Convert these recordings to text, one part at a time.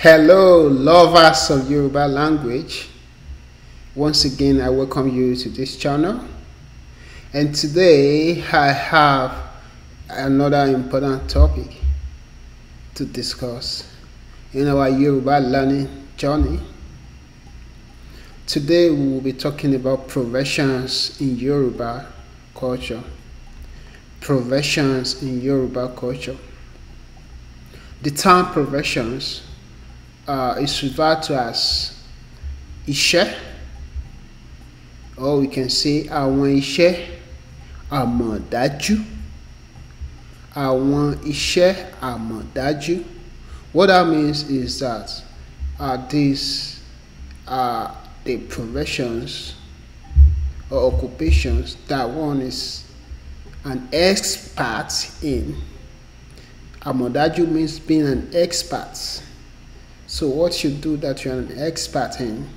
Hello, lovers of Yoruba language. Once again, I welcome you to this channel. And today, I have another important topic to discuss in our Yoruba learning journey. Today, we will be talking about professions in Yoruba culture. Professions in Yoruba culture. The term professions uh, is referred to as iṣẹ́ or we can say àwọn iṣẹ́ àmọ̀dájú àwọn iṣẹ́ àmọ̀dájú what that means is that uh, these are the professions or occupations that one is an expert in. Amodaju means being an expert So what you do that you're an expert in.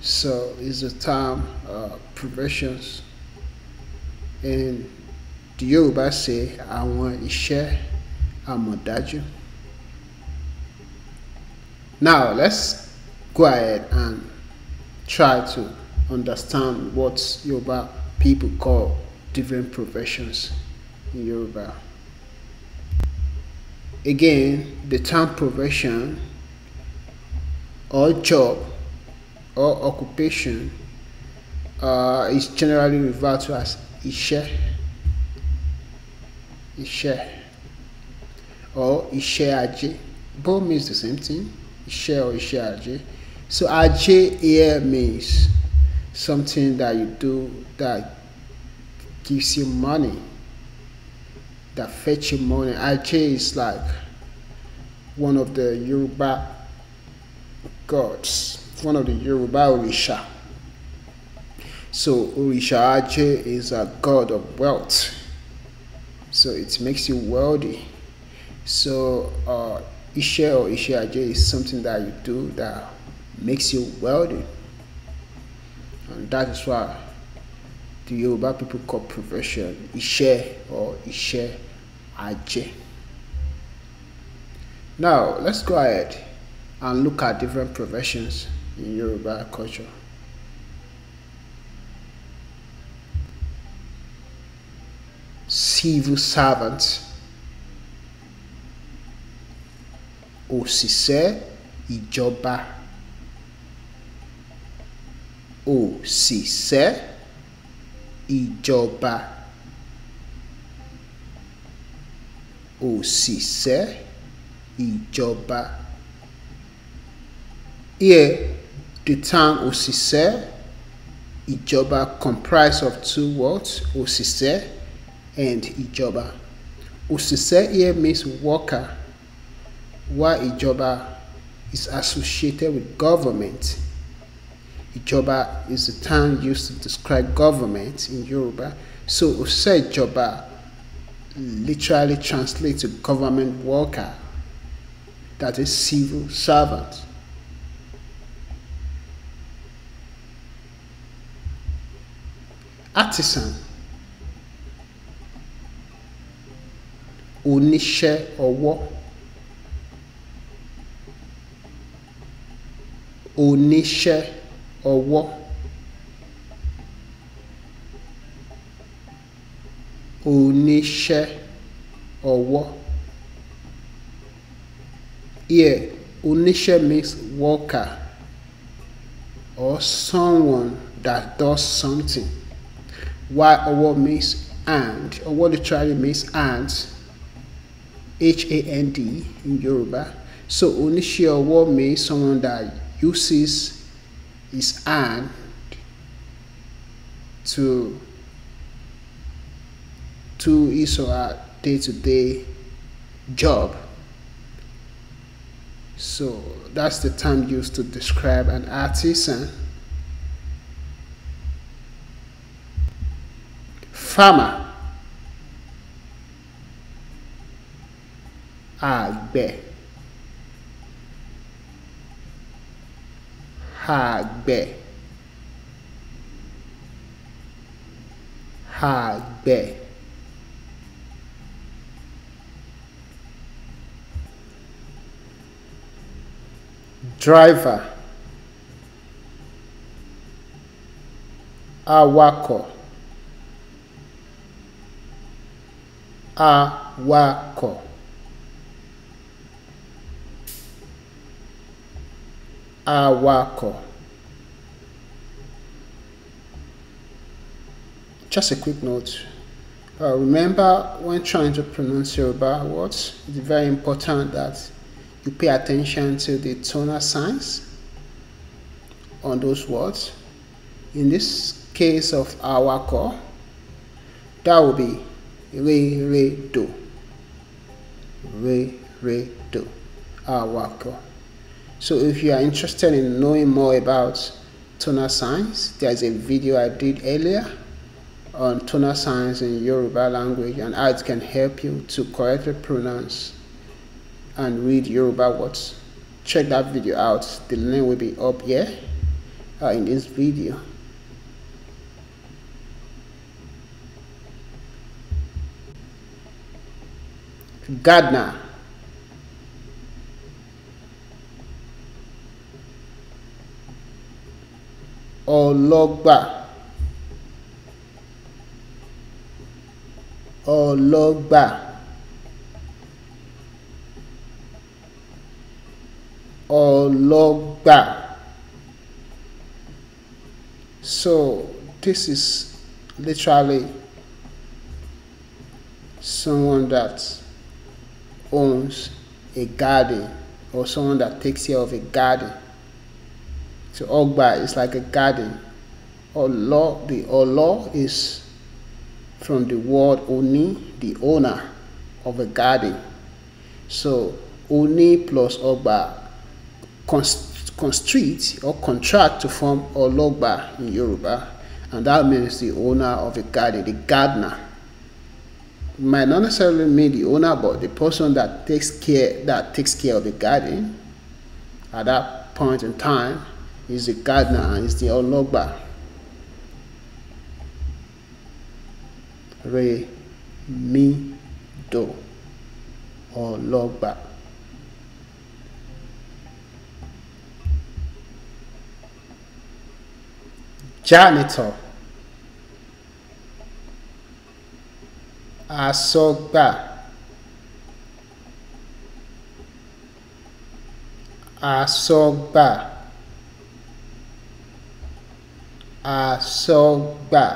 So is the term uh, professions. And the Yoruba say, "I i want share, I'm a daju." Now let's go ahead and try to understand what Yoruba people call different professions in Yoruba again the term profession or job or occupation uh, is generally referred to as iṣẹ́ iṣẹ́ or iṣẹ́ ajé both means the same thing iṣẹ́ or iṣẹ́ ajé so ajé here means something that you do that gives you money that fetch you money. Ajay is like one of the Yoruba gods, one of the Yoruba Orisha. So Orisha Ajay is a god of wealth. So it makes you wealthy. So uh, Ishe or Ishe Ajay is something that you do that makes you wealthy. And that is why the Yoruba people call profession Ishe or Ishe Ajay. Now, let's go ahead and look at different professions in Yoruba culture. Civil servants. òṣìṣẹ́ ìjọba, òṣìṣẹ́ ìjọba. òṣìṣẹ́ ìjọba here the term òṣìṣẹ́ ìjọba comprise of two words òṣìṣẹ́ and ìjọba òṣìṣẹ́ here means worker while ìjọba is associated with government ìjọba is the term used to describe government in Yoruba so òṣìṣẹ́ ìjọba literally translates to government worker, that is, civil servant. Artisan, oníṣẹ́ ọwọ́, oníṣẹ́ ọwọ́. oníṣẹ́ ọwọ́ here oníṣẹ́ means worker or someone that does something while ọwọ́ means and ọwọ́ literally means hand? h-a-n-d in Yoruba so oníṣẹ́ ọwọ́ means someone that uses his hand to to his or her day to day job. So that's the term used to describe an artisan. Farmer. Agbe. Agbe. Agbe. driver awakọ̀ awakọ̀ awakọ̀ just a quick note uh, remember when trying to pronounce Yoruba words it's very important that you pay attention to the tonal signs on those words. In this case of our core, that will be re re do. Re re do. Our core. So if you are interested in knowing more about tonal signs, there is a video I did earlier on tonal signs in Yoruba language and how it can help you to correctly pronounce and read Yoruba words. Check that video out. The link will be up here uh, in this video. Gardner. ọlọ́gbà ọlọ́gbà Ologba. So this is literally someone that owns a garden or someone that takes care of a garden. So Ogba is like a garden. Olo, the Olo is from the word Oni, the owner of a garden. So Oni plus Ogba constrict or contract to form ologba in Yoruba, and that means the owner of a garden, the gardener. It might not necessarily mean the owner, but the person that takes care that takes care of the garden at that point in time is the gardener and is the ologba. Re mi do ologba. janitor asọ́gbà asọ́gbà asọ́gbà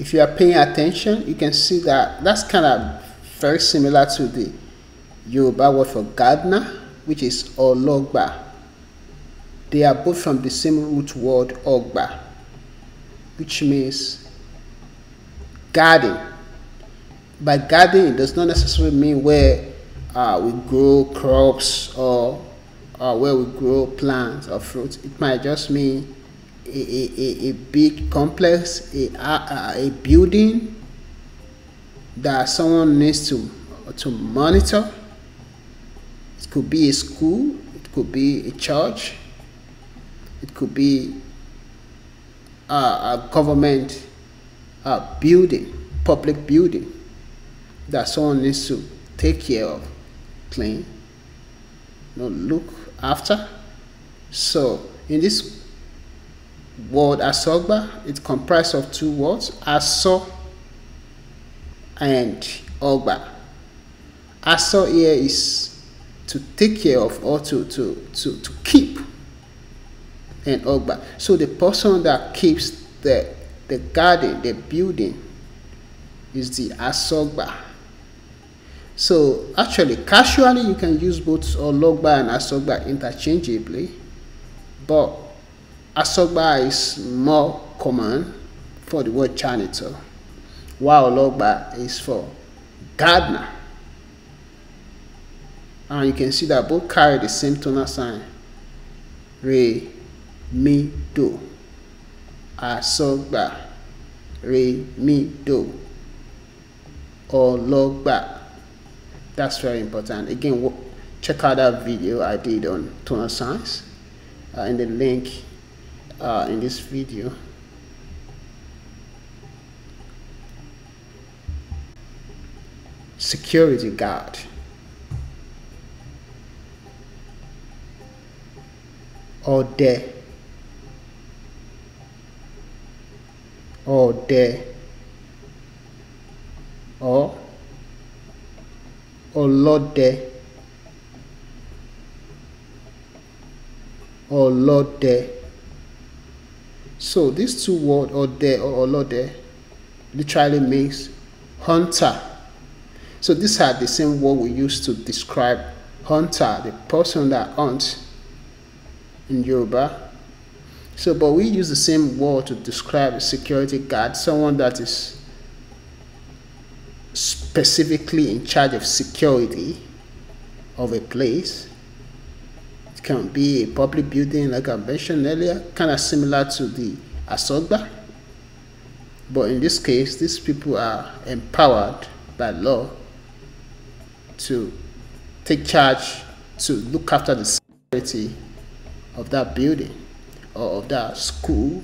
if you are paying attention you can see that that's kind of very similar to the Yoruba word for gardener which is ologba they are both from the same root word ogba, which means garden. By garden, it does not necessarily mean where uh, we grow crops or, where we grow plants or fruits. It might just mean a, a, a, a big complex, a, a, a building that someone needs to, to monitor. It could be a school, it could be a church, it could be a government building, public building that someone needs to take care of, clean, you know, look after. So in this word asogba, it comprises of two words, aso and ogba. Aso here is to take care of or to, to, to, to keep and Ogba. So the person that keeps the, the garden, the building, is the Asogba. So actually, casually, you can use both logba and Asogba interchangeably, but Asogba is more common for the word janitor, while logba is for gardener. And you can see that both carry the same tonal sign, re, mi do àsọgbà re mi do ọlọ́gbà that's very important again check out that video I did on tonal signs uh, the link uh, in this video security guard or death or day or Lord day. so these two words day or day literally means hunter so these are the same word we use to describe hunter the person that hunts in Yoruba so, but we use the same word to describe a security guard, someone that is specifically in charge of security of a place. It can be a public building, like I mentioned earlier, kind of similar to the asogba. But in this case, these people are empowered by law to take charge, to look after the security of that building of that school,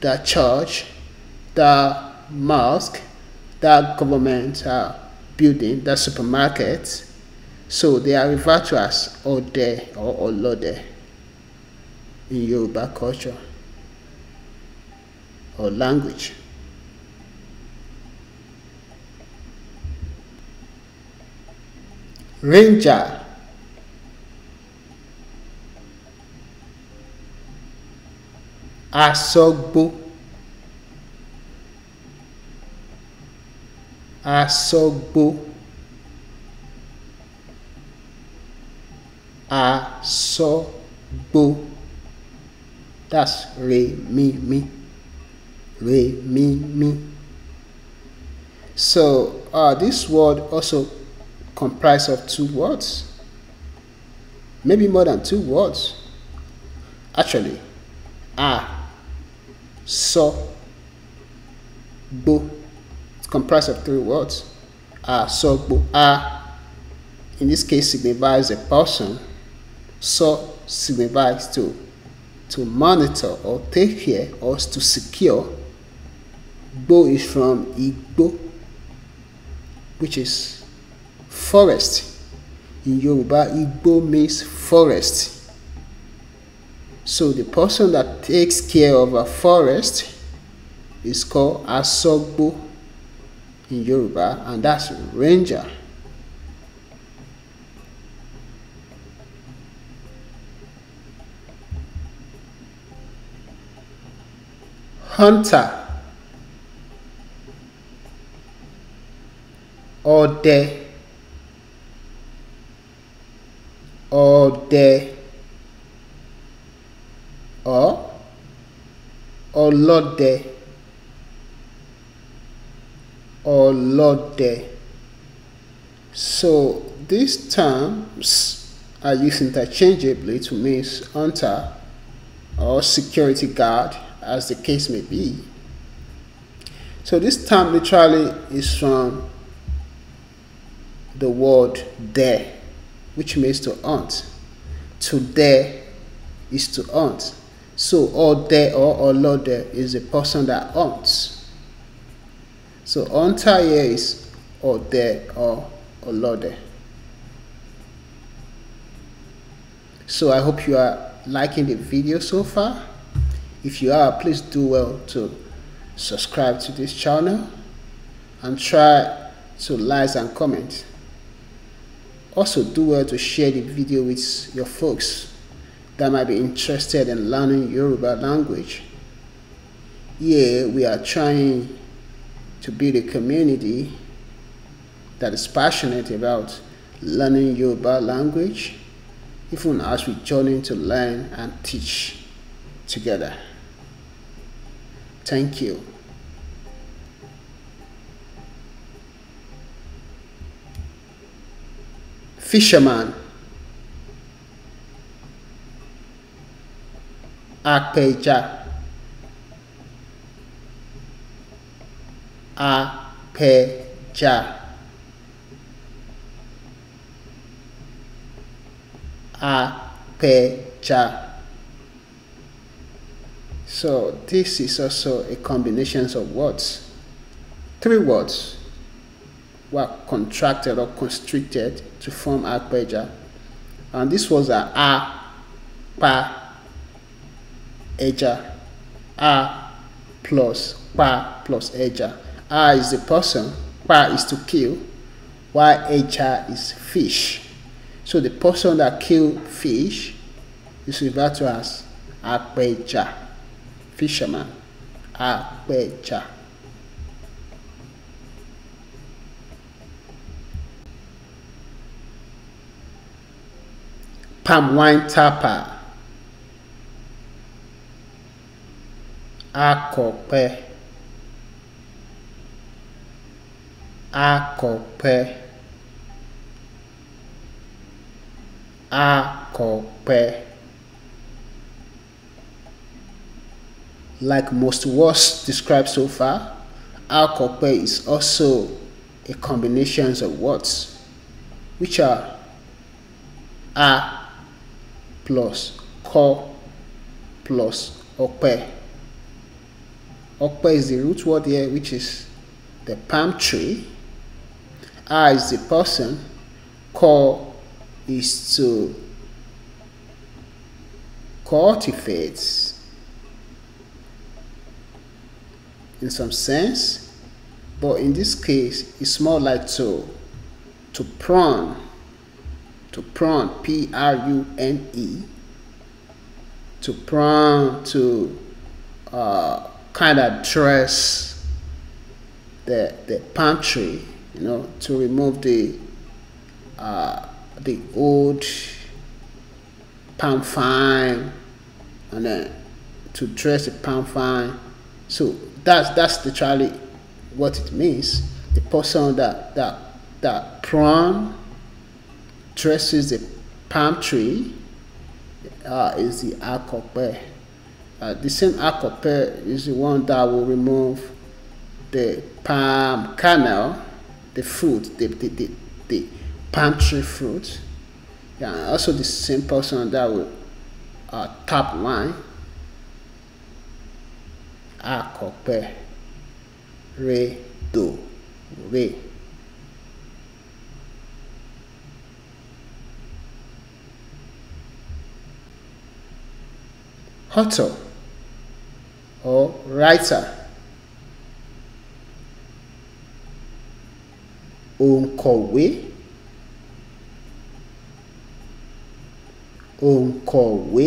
that church, that mosque, that government uh, building, that supermarket. So they are referred to as Ode or Olode in Yoruba culture or language. Ranger asọgbó asọgbó asọgbó that's re mi mi re mi mi so uh, this word also comprised of two words maybe more than two words actually ah so, bo. It's comprised of three words. Ah, so, bo. Ah, in this case, signifies a person. So signifies to to monitor or take care or to secure. Bo is from Igbo, which is forest. In Yoruba, Igbo means forest. So the person that takes care of a forest is called Asogbo in Yoruba, and that's ranger. Hunter all day or or lord de. so these terms are used interchangeably to mean hunter or security guard as the case may be so this term literally is from the word there which means to hunt to is to hunt so or there or or Lord, is a person that owns. So onta here is or there or or lord. So I hope you are liking the video so far. If you are, please do well to subscribe to this channel and try to like and comment. Also do well to share the video with your folks that might be interested in learning Yoruba language. Here we are trying to build a community that is passionate about learning Yoruba language, even as we join to learn and teach together. Thank you. Fisherman 악패자 아패자 아패자 so this is also a combinations of words three words were contracted or constricted to form arpeja and this was a a pa Eja. A plus Pa plus Eja. A is the person, Pa is to kill, while Eja is fish. So the person that killed fish is referred to as Akpeja, fisherman. Akpeja. Palm wine tapper akọ̀pẹ akọ̀pẹ akọ̀pẹ like most words described so far akọ̀pẹ is also a combination of words which are a plus kọ plus ọ̀pẹ. Okpa is the root word here, which is the palm tree. A is the person. Ko is to cultivate in some sense, but in this case, it's more like to to prune, to prune, P-R-U-N-E, to prune, to uh, kind of dress the, the pantry, you know, to remove the, uh, the old palm fine and then to dress the palm fine. So that's, that's literally what it means. The person that, that, that prawn dresses the palm tree uh, is the akope. Uh, the same acopé is the one that will remove the palm kernel, the fruit, the, the, the, the palm tree fruit. Yeah, also the same person that will uh, tap line, acopé, re, do, re. Hotel or writer. Òǹkọ̀wé òǹkọ̀wé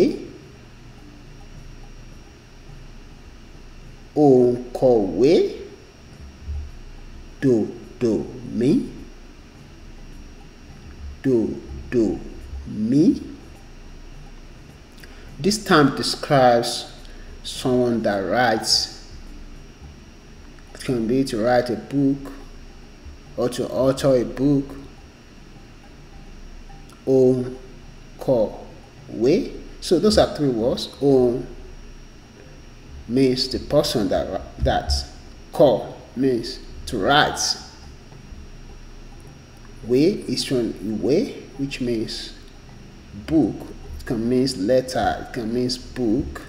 òǹkọ̀wé do me. This time describes someone that writes. It can be to write a book or to author a book. On call way. So those are three words. On means the person that that call means to write. Way is from way, which means book. It can mean letter. It can mean book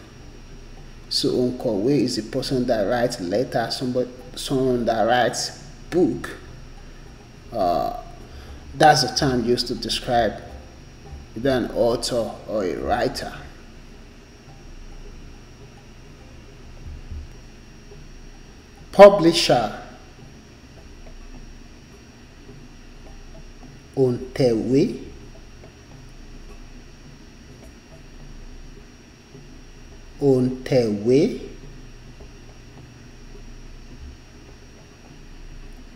so onkọwe is a person that writes letter. somebody someone that writes book uh, that's the term used to describe either an author or a writer publisher we. On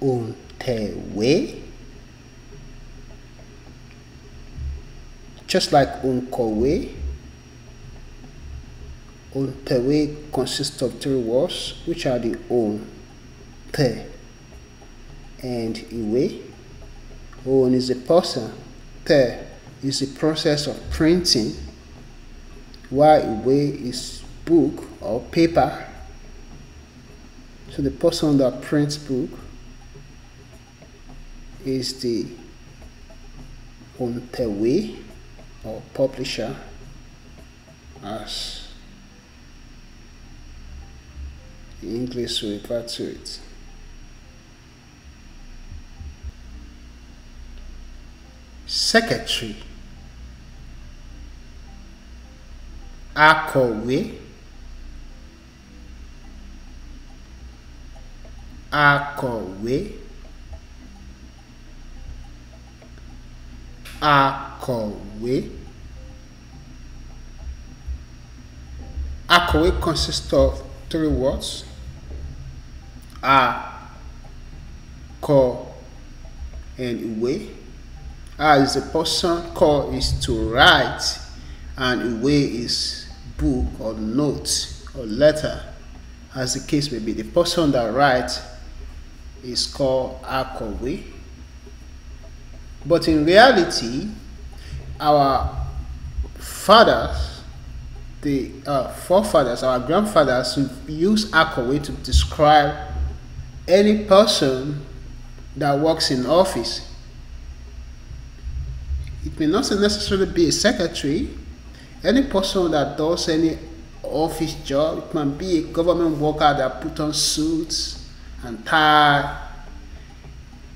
on the way, just like on on the way consists of three words which are the òǹ the, and way. òǹ is a person the is the process of printing while away is book or paper. So the person that prints book is the ontewe or publisher as the English will refer to it. Secretary akọ̀wé akọ̀wé akọ̀wé akọ̀wé consists of three words a kọ and ìwé a is a person kọ is to write and ìwé is book or note or letter, as the case may be. The person that writes is called Akowe. But in reality, our fathers, the uh, forefathers, our grandfathers use Akowe to describe any person that works in office. It may not necessarily be a secretary, any person that does any office job, it can be a government worker that put on suits and tie.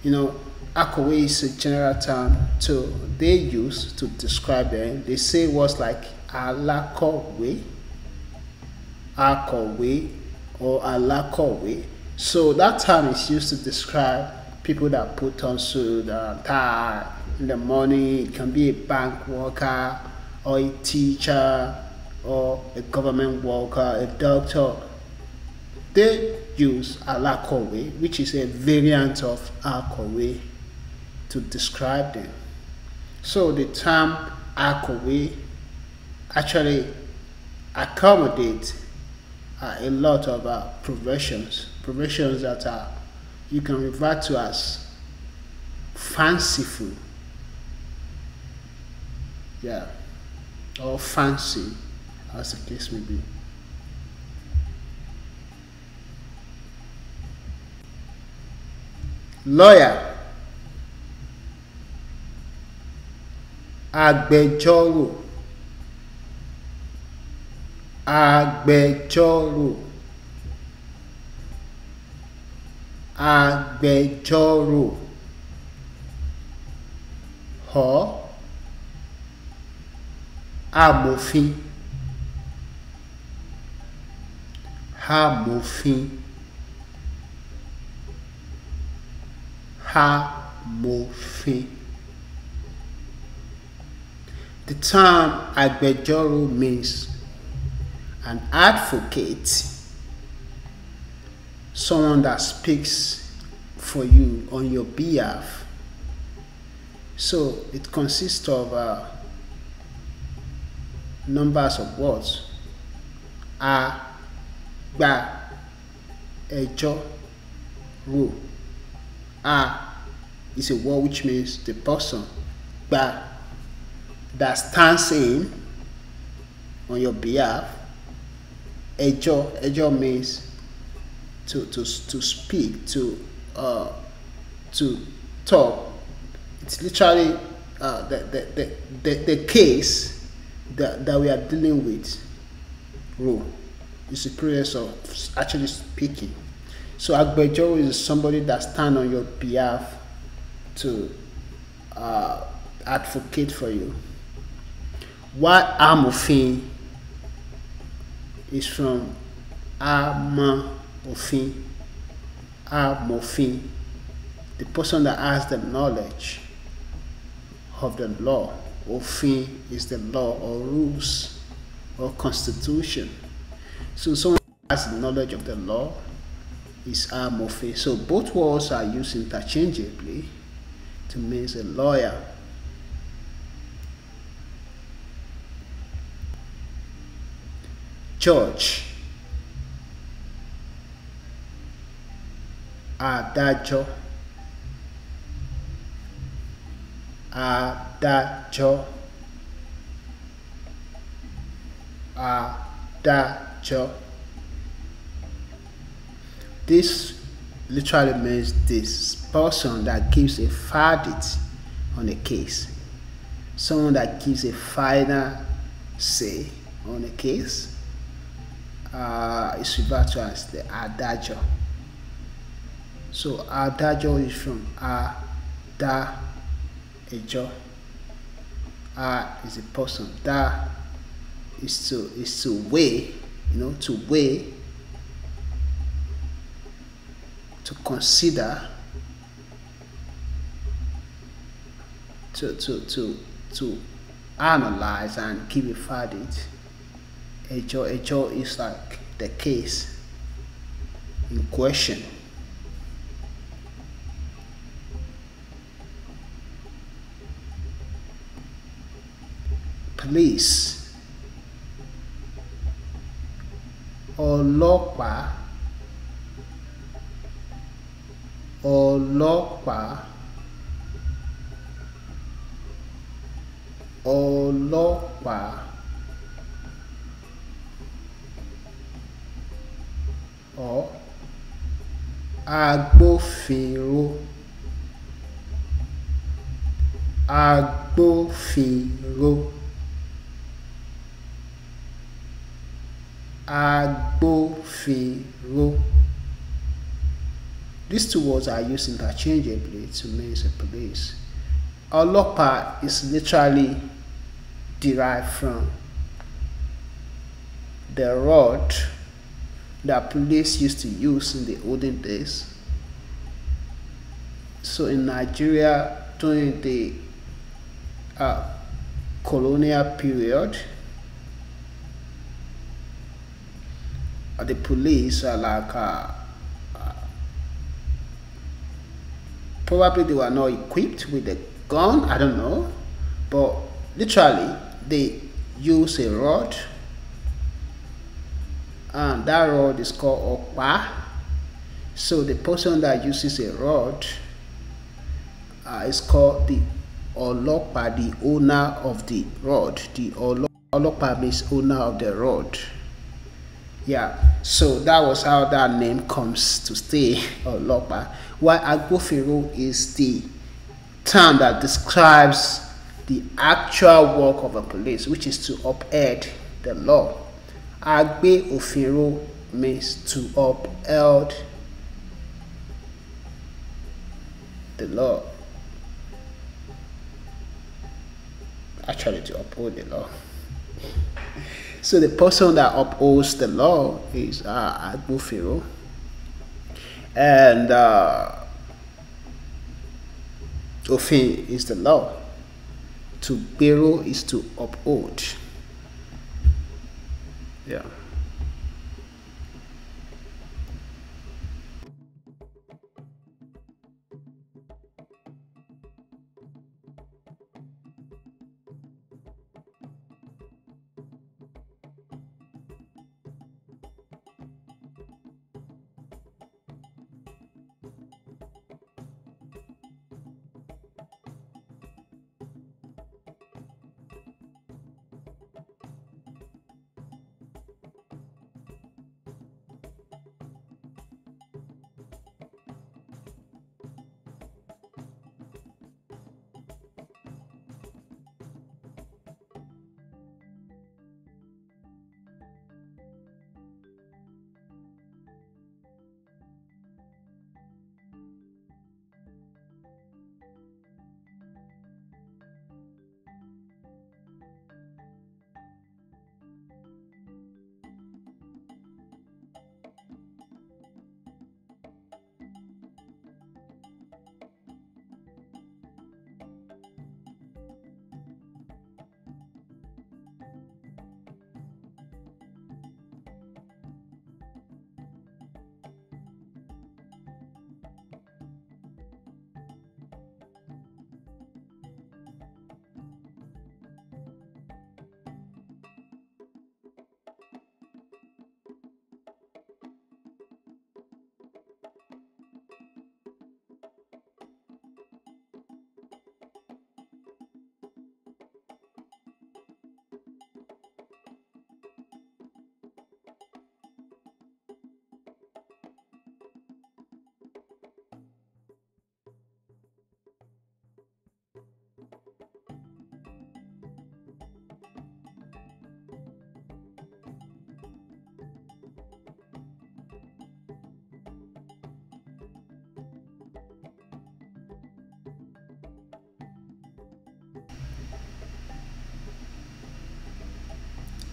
You know, Akọ̀wé is a general term to they use to describe them. They say was like alákọ̀wé, akọ̀wé, or alákọ̀wé. So that term is used to describe people that put on suit and tie in the morning. It can be a bank worker or a teacher or a government worker, a doctor, they use alakowe, which is a variant of akowe, to describe them. So the term akowe actually accommodates uh, a lot of uh, professions, professions that are you can refer to as fanciful. Yeah or fancy, as the case may be. Lawyer, agbẹjọ́rò, agbẹjọ́rò, agbẹjọ́rò, Huh? amòfin amòfin amòfin the term agbẹjọ́rò means an advocate someone that speaks for you on your behalf so it consists of uh, numbers of words a gba ẹjọ́ ro a is a word which means the person gba that stands in on your behalf ẹjọ́ ẹjọ́ means to to to speak to uh, to talk it's literally uh, the, the the the the case that, that we are dealing with rule, the process of actually speaking. So agbẹjọ́rò is somebody that stand on your behalf to uh, advocate for you. What amòfin is from amòfin, amòfin, the person that has the knowledge of the law. Ofin is the law or rules or constitution. So someone has knowledge of the law is fee. So both words are used interchangeably to mean a lawyer. Judge. Adájọ́. adagio adagio this literally means this person that gives a verdict on a case someone that gives a final say on a case uh, is referred to as the adagio so adagio is from adagio a job. Ah is a person that is to is to weigh, you know, to weigh, to consider, to to to to analyze and give a verdict. A job, a job is like the case in question. police ọlọ́pàá ọlọ́pàá ọlọ́pàá ọ agbófinró agbófinró. agbófinró. These two words are used interchangeably to mean the police. Ọlọ́pàá is literally derived from the rod that police used to use in the olden days. So in Nigeria during the uh, colonial period, Uh, the police are like uh, uh, probably they were not equipped with a gun i don't know but literally they use a rod and that rod is called okpa so the person that uses a rod uh, is called the olopa, the owner of the rod the olopa means owner of the rod yeah, so that was how that name comes to stay, Olokpa. While Agbófinró is the term that describes the actual work of a police, which is to uphold the law. Agbe means to uphold the law. Actually, to uphold the law. So the person that upholds the law is uh, Admiral Pharaoh. And uh, Ofin is the law. To bureau is to uphold. Yeah.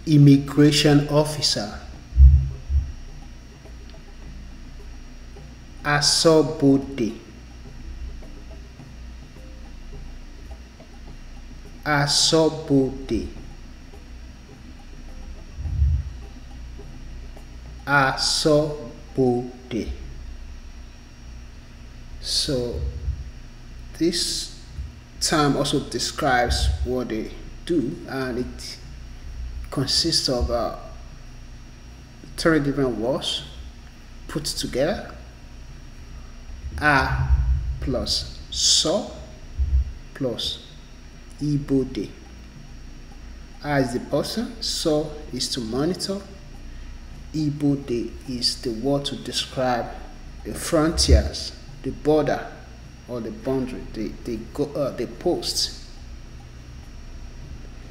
immigration officer, asobode, asobode, asobode. So this term also describes what they do and it consists of uh, three different words put together a plus so plus ibode a is the person so is to monitor ibode is the word to describe the frontiers the border or the boundary the the, go, uh, the post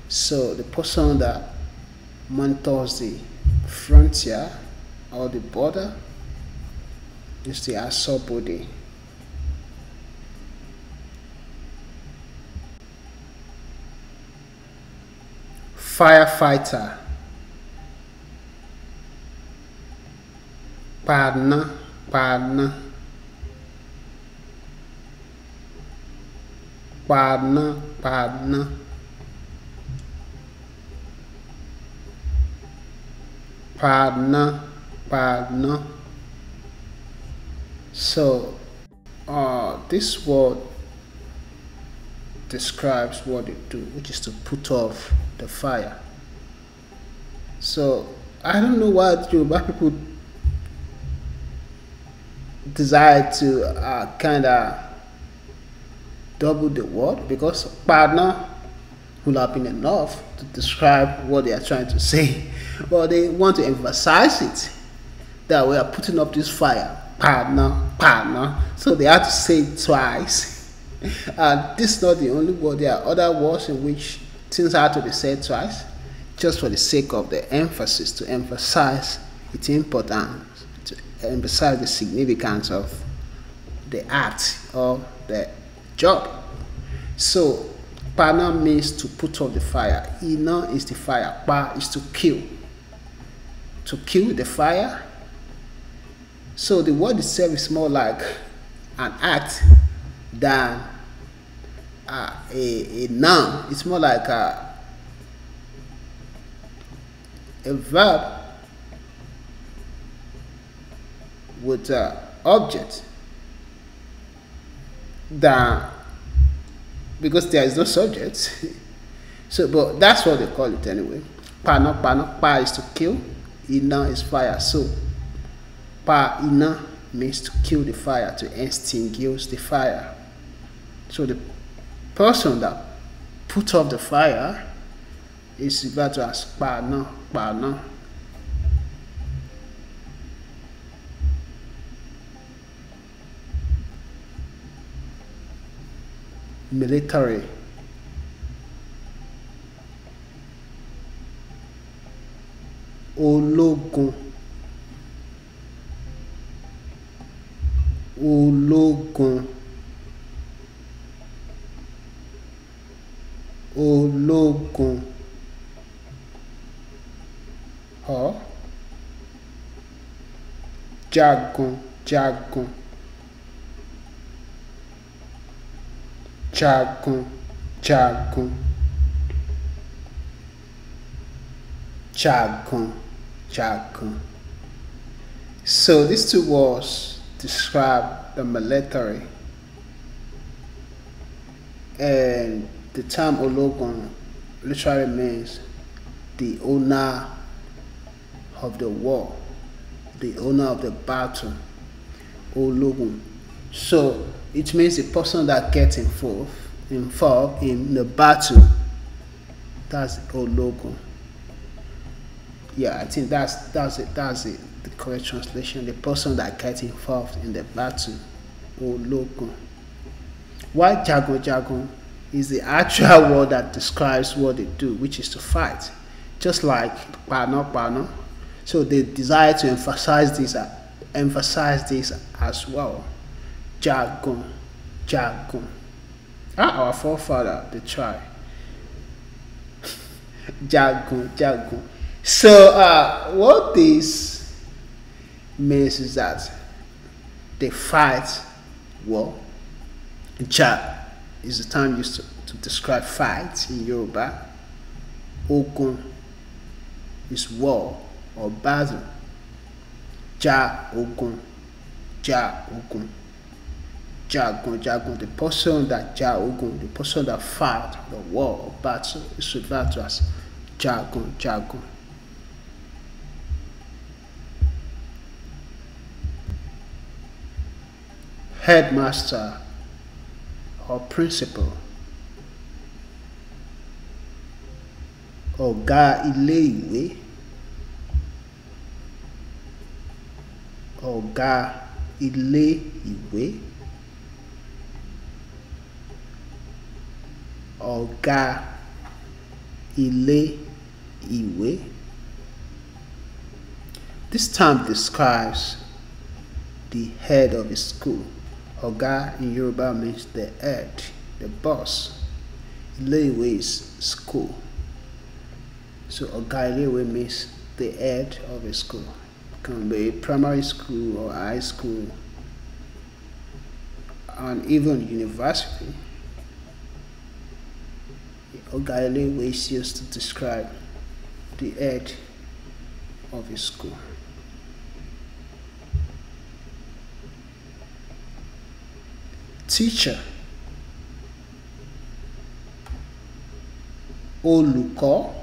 so the person that Montosi frontier or the border is the body Firefighter Padna Padna Padna Padna partner, partner. So uh, this word describes what they do, which is to put off the fire. So I don't know why Yoruba people desire to uh, kind of double the word because partner will have been enough to describe what they are trying to say. But they want to emphasize it that we are putting up this fire, partner, partner. So they had to say it twice. And this is not the only word, there are other words in which things had to be said twice, just for the sake of the emphasis, to emphasize its importance, to emphasize the significance of the act or the job. So Pana means to put out the fire. Ina is the fire. Pa is to kill. To kill the fire. So the word itself is more like an act than uh, a, a noun. It's more like a, a verb with an uh, object than because there is no subject. so, but that's what they call it anyway. Pana, pana, pa is to kill, ina is fire. So, pa ina means to kill the fire, to extinguish the fire. So the person that put off the fire is about to no pa no. military ológun ológun ológun ọ jagun jagun. Chaco, Chaco, Chaco, Chaco. So these two words describe the military and the term Ologun literally means the owner of the war, the owner of the battle, Ologun. So it means the person that gets involved, involved in the battle, that's logo. Yeah, I think that's that's it. That's it. The correct translation. The person that gets involved in the battle, logo. Why jago jago is the actual word that describes what they do, which is to fight, just like pano pano. So they desire to emphasize this, uh, emphasize this as well. Jagun, jagun. Ah, our forefather, the tribe. Jagun, jagun. So uh, what this means is that they fight war. Ja is the term used to, to describe fight in Yoruba. Okun is war or battle. Ja okun, ja okun. Jargon, jargon. the person that jargon, the person that fought the war or battle is referred to as Jagun, Jagun. Headmaster or principal. or ilé ìwé. or ilé ìwé. ọ̀gá ilé ìwé. This term describes the head of a school. Ọ̀gá in Yoruba means the head, the boss. Ilé ìwé is school. So ọ̀gá ilé ìwé means the head of a school. It can be primary school or high school and even university or Galilean ways used to describe the head of a school. Teacher Olùkọ́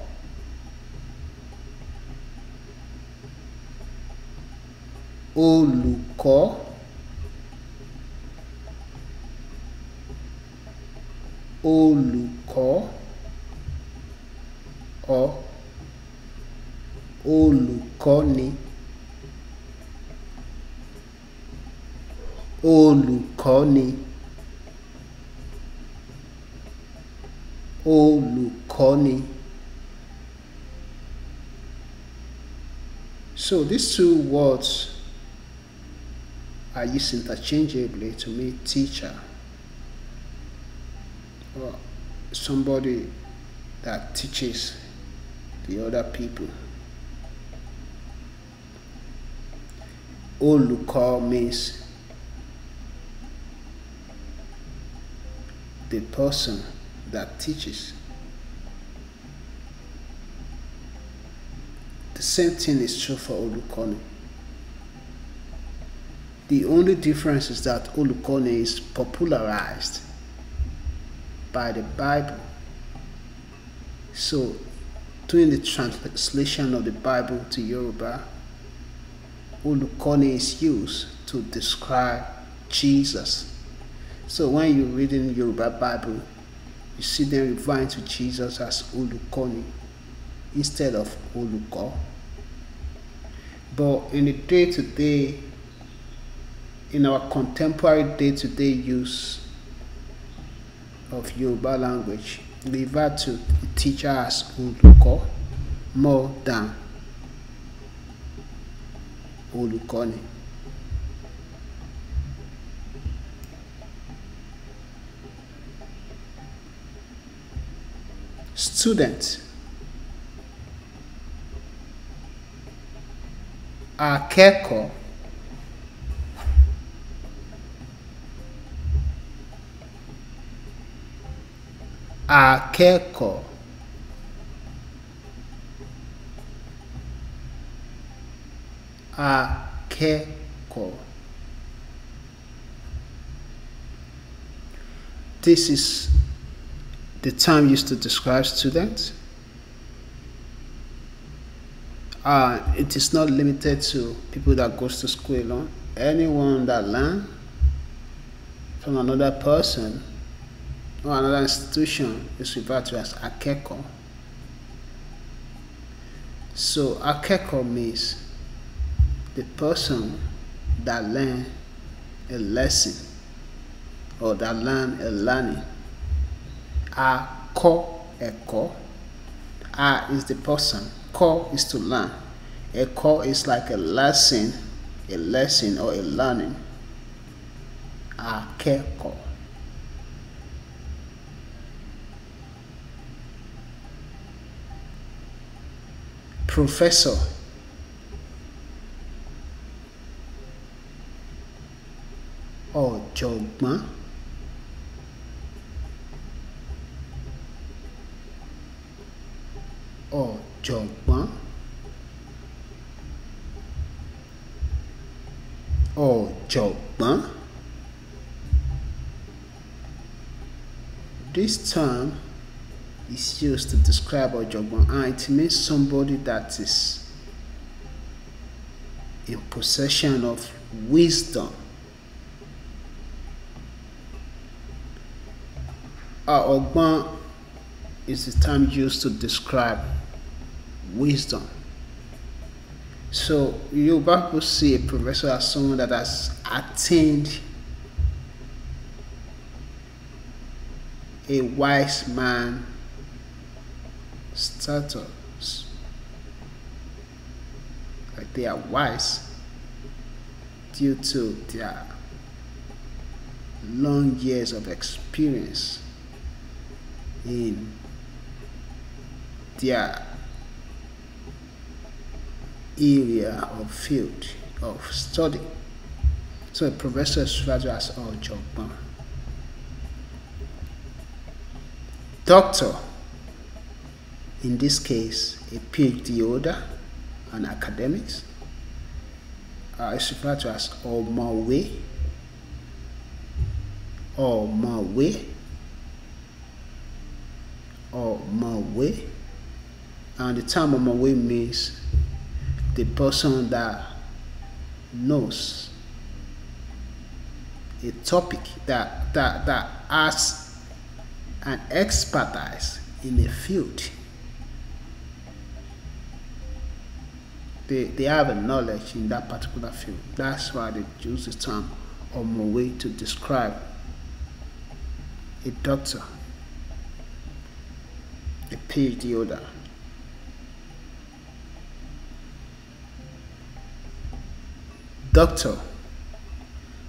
Olùkọ́ Olùkọ́ o olùkọ́ni olùkọ́ni olùkọ́ni. So these two words are used interchangeably to mean teacher or somebody that teaches the other people. Olukor means the person that teaches. The same thing is true for Olukoni. The only difference is that Olukoni is popularized by the Bible. So doing the translation of the Bible to Yoruba, Olukone is used to describe Jesus. So when you are reading Yoruba Bible, you see them referring to Jesus as Olukone instead of Oluko. But in the day-to-day, -day, in our contemporary day-to-day -day use of Yoruba language, the to the teacher as more than olùkọ́ni. Student akẹ́kọ̀ọ́. Akeko, Akeko. this is the term used to describe students uh, it is not limited to people that goes to school alone anyone that learn from another person or another institution is referred to as akeko. So akeko means the person that learn a lesson or that learn a learning. Ako eko. A is the person. Ko is to learn. Eko is like a lesson, a lesson or a learning. Akeko. professor ọ̀jọ̀gbọ́n ọ̀jọ̀gbọ́n ọ̀jọ̀gbọ́n this time. is used to describe Ojogbon and it means somebody that is in possession of wisdom. Ogban is the term used to describe wisdom. So Yoruba people see a professor as someone that has attained a wise man status. Like they are wise due to their long years of experience in their area or field of study. So Professor Shivaju as job. Doctor in this case, a PhD holder and academics. Uh, it's referred to as Omowe. Omowe. Omowe. And the term Omowe means the person that knows a topic that, that, that has an expertise in a field. they, they have a knowledge in that particular field. That's why they use the term Omowe to describe a doctor, a PhD holder. Doctor,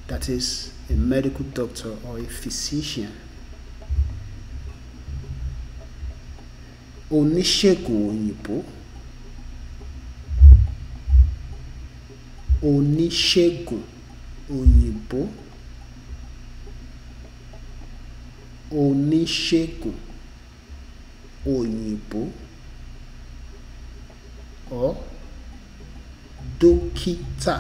that is a medical doctor or a physician. Oníṣègùn òyìnbó. oníṣègùn òyìnbó oníṣègùn òyìnbó ọ dókítà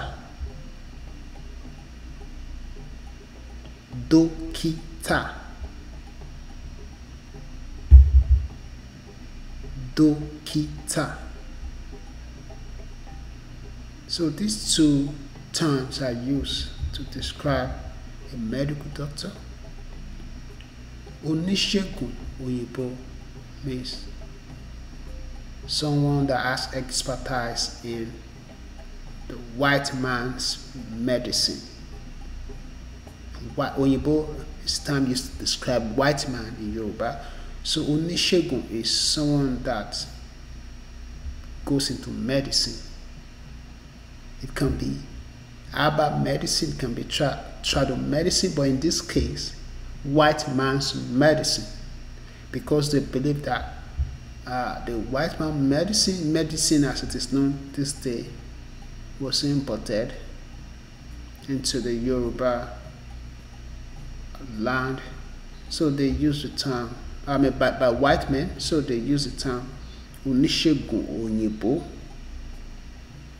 dókítà dókítà. So these two terms are used to describe a medical doctor. Onishegun Oyibo means someone that has expertise in the white man's medicine. Oyibo is term used to describe white man in Yoruba. So Onishegun is someone that goes into medicine it can be herbal medicine, can be tra- traditional medicine, but in this case, white man's medicine, because they believe that uh, the white man medicine, medicine as it is known this day, was imported into the Yoruba land. So they use the term, I mean, by, by white men, so they use the term Unishegu Onyibo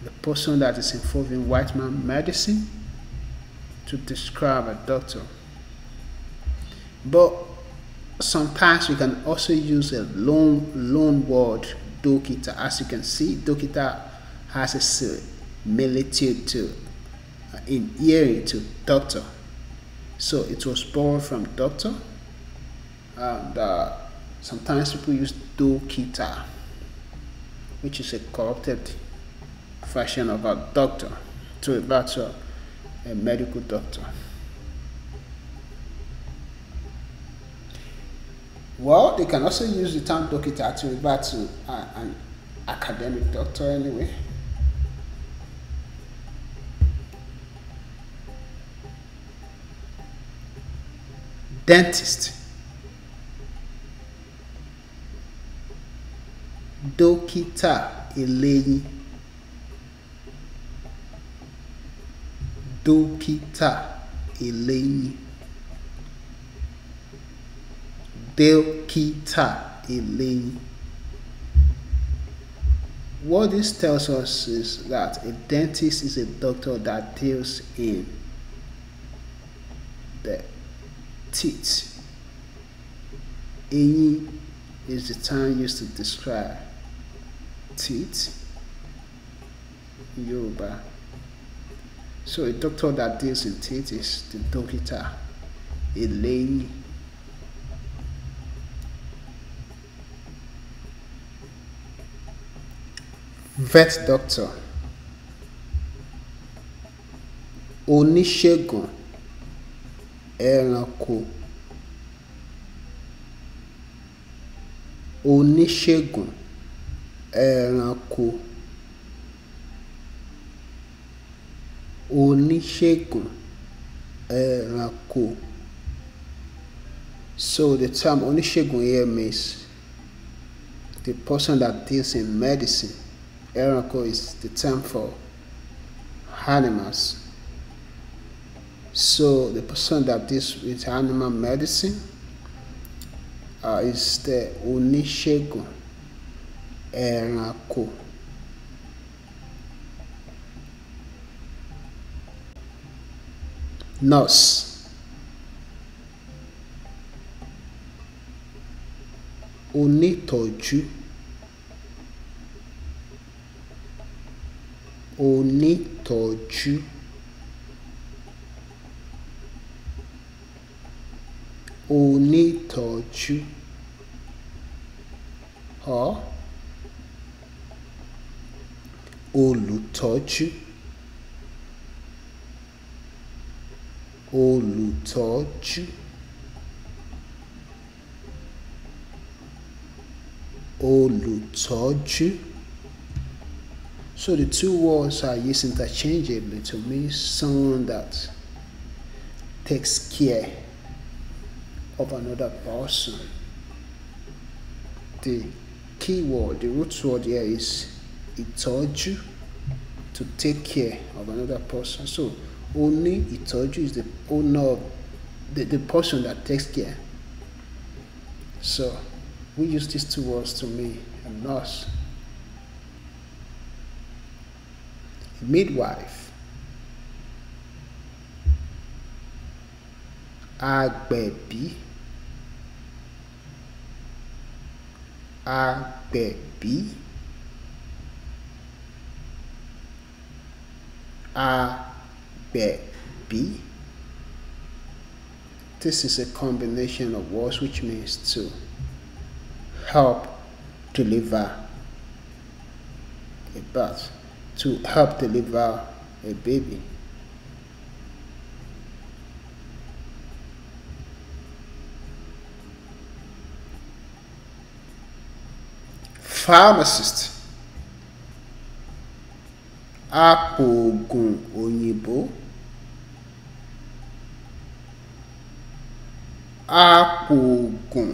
the person that is involved in white man medicine to describe a doctor. But sometimes we can also use a loan, long word, dokita. As you can see, dokita has a similitude to, uh, in hearing to doctor. So it was borrowed from doctor. And uh, sometimes people use dokita, which is a corrupted version of a doctor. to a a, a medical doctor. Well, they can also use the term doctor to refer to an academic doctor anyway. Dentist. Dókítà eléyín dókítà eléyín dókítà eléyín. What this tells us is that a dentist is a doctor that deals in the teeth. Eyín is the term used to describe teeth Yoruba. So a doctor that deals with it is the doctor, a lay vet doctor, oníṣègùn ẹranko, oníṣègùn ẹranko. oníṣègùn Erako. So the term oníṣègùn here means the person that deals in medicine. Erako is the term for animals. So the person that deals with animal medicine uh, is the oníṣègùn Erako. nurse. onítọ̀jú onítọ̀jú onítọ̀jú ọ olùtọ́jú. Olutoju. Olutoju. So the two words are used interchangeably to mean someone that takes care of another person. The key word, the root word here is itoju, to take care of another person. So he told ìtọ́jú is the owner of the, the person that takes care. So we use these two words to me and us. A midwife, agbẹ̀bí, agbẹ̀bí, agbẹ̀bí. B. This is a combination of words which means to help deliver a birth, to help deliver a baby. pharmacist apòògùn òyìnbó apòògùn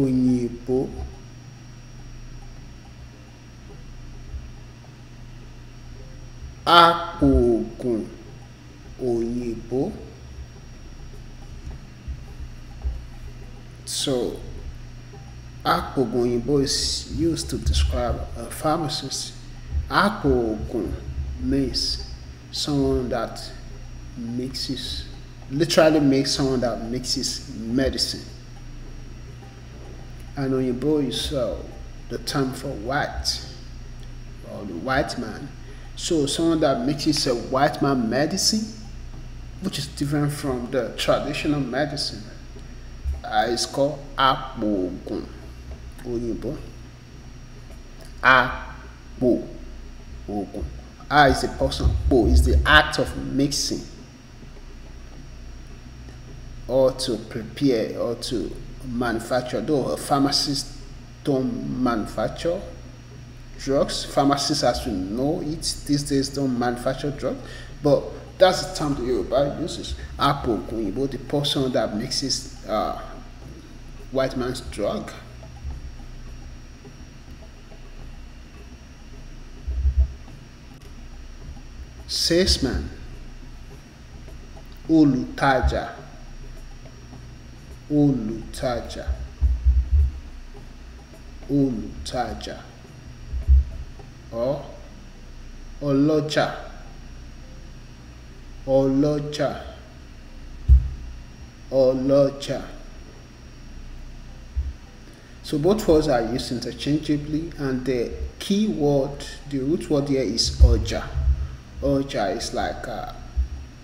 òyìnbó apòògùn òyìnbó so apòògùn òyìnbó is used to describe a pharmacist apòògùn means someone that mixes literally make someone that mixes medicine. And on boy, you saw the term for white or the white man. So someone that mixes a uh, white man medicine, which is different from the traditional medicine, uh, is called Apogun your boy, Ogun. A is a person, Po is the act of mixing or to prepare or to manufacture, though a pharmacist don't manufacture drugs. Pharmacists, as we know it, these days don't manufacture drugs, but that's the term the Yoruba uses. Apple, Kunyibo, the person that mixes uh, white man's drug. Salesman, Olutaja olùtajà olùtajà or Olocha, Olocha, Olocha. So both words are used interchangeably, and the key word, the root word here is oja. Oja is like a, uh,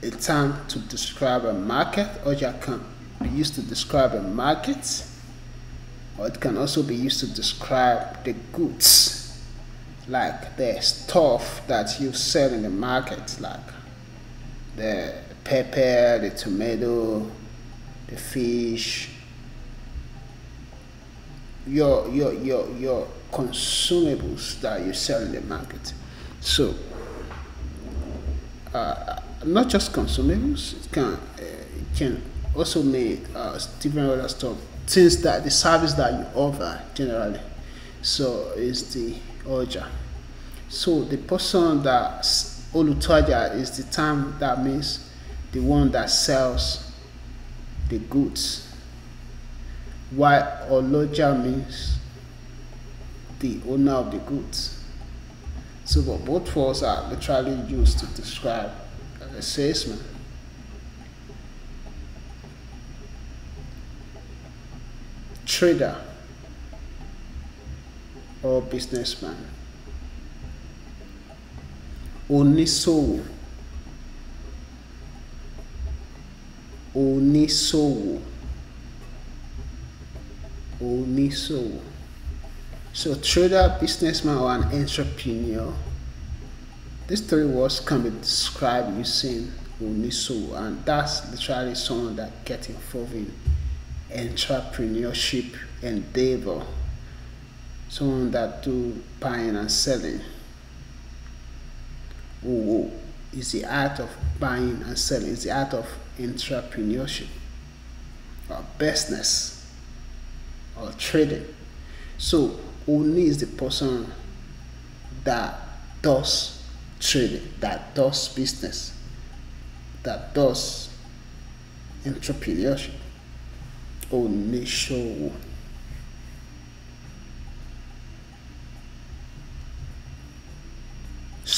a term to describe a market. Oja can be used to describe a market, or it can also be used to describe the goods, like the stuff that you sell in the market, like the pepper, the tomato, the fish, your your your your consumables that you sell in the market. So, uh, not just consumables, it can uh, it can also make uh, different other stuff Since that the service that you offer generally so is the oja so the person that olutaja is the term that means the one that sells the goods while oloja means the owner of the goods so but both words are literally used to describe a salesman trader or businessman oníṣòwò oníṣòwò oníṣòwò so trader businessman or an entrepreneur these three words can be described using oníṣòwò and that's literally someone that gets involved in entrepreneurship endeavor, someone that do buying and selling. is the art of buying and selling? Is the art of entrepreneurship or business or trading? So only is the person that does trading, that does business, that does entrepreneurship. Onisho.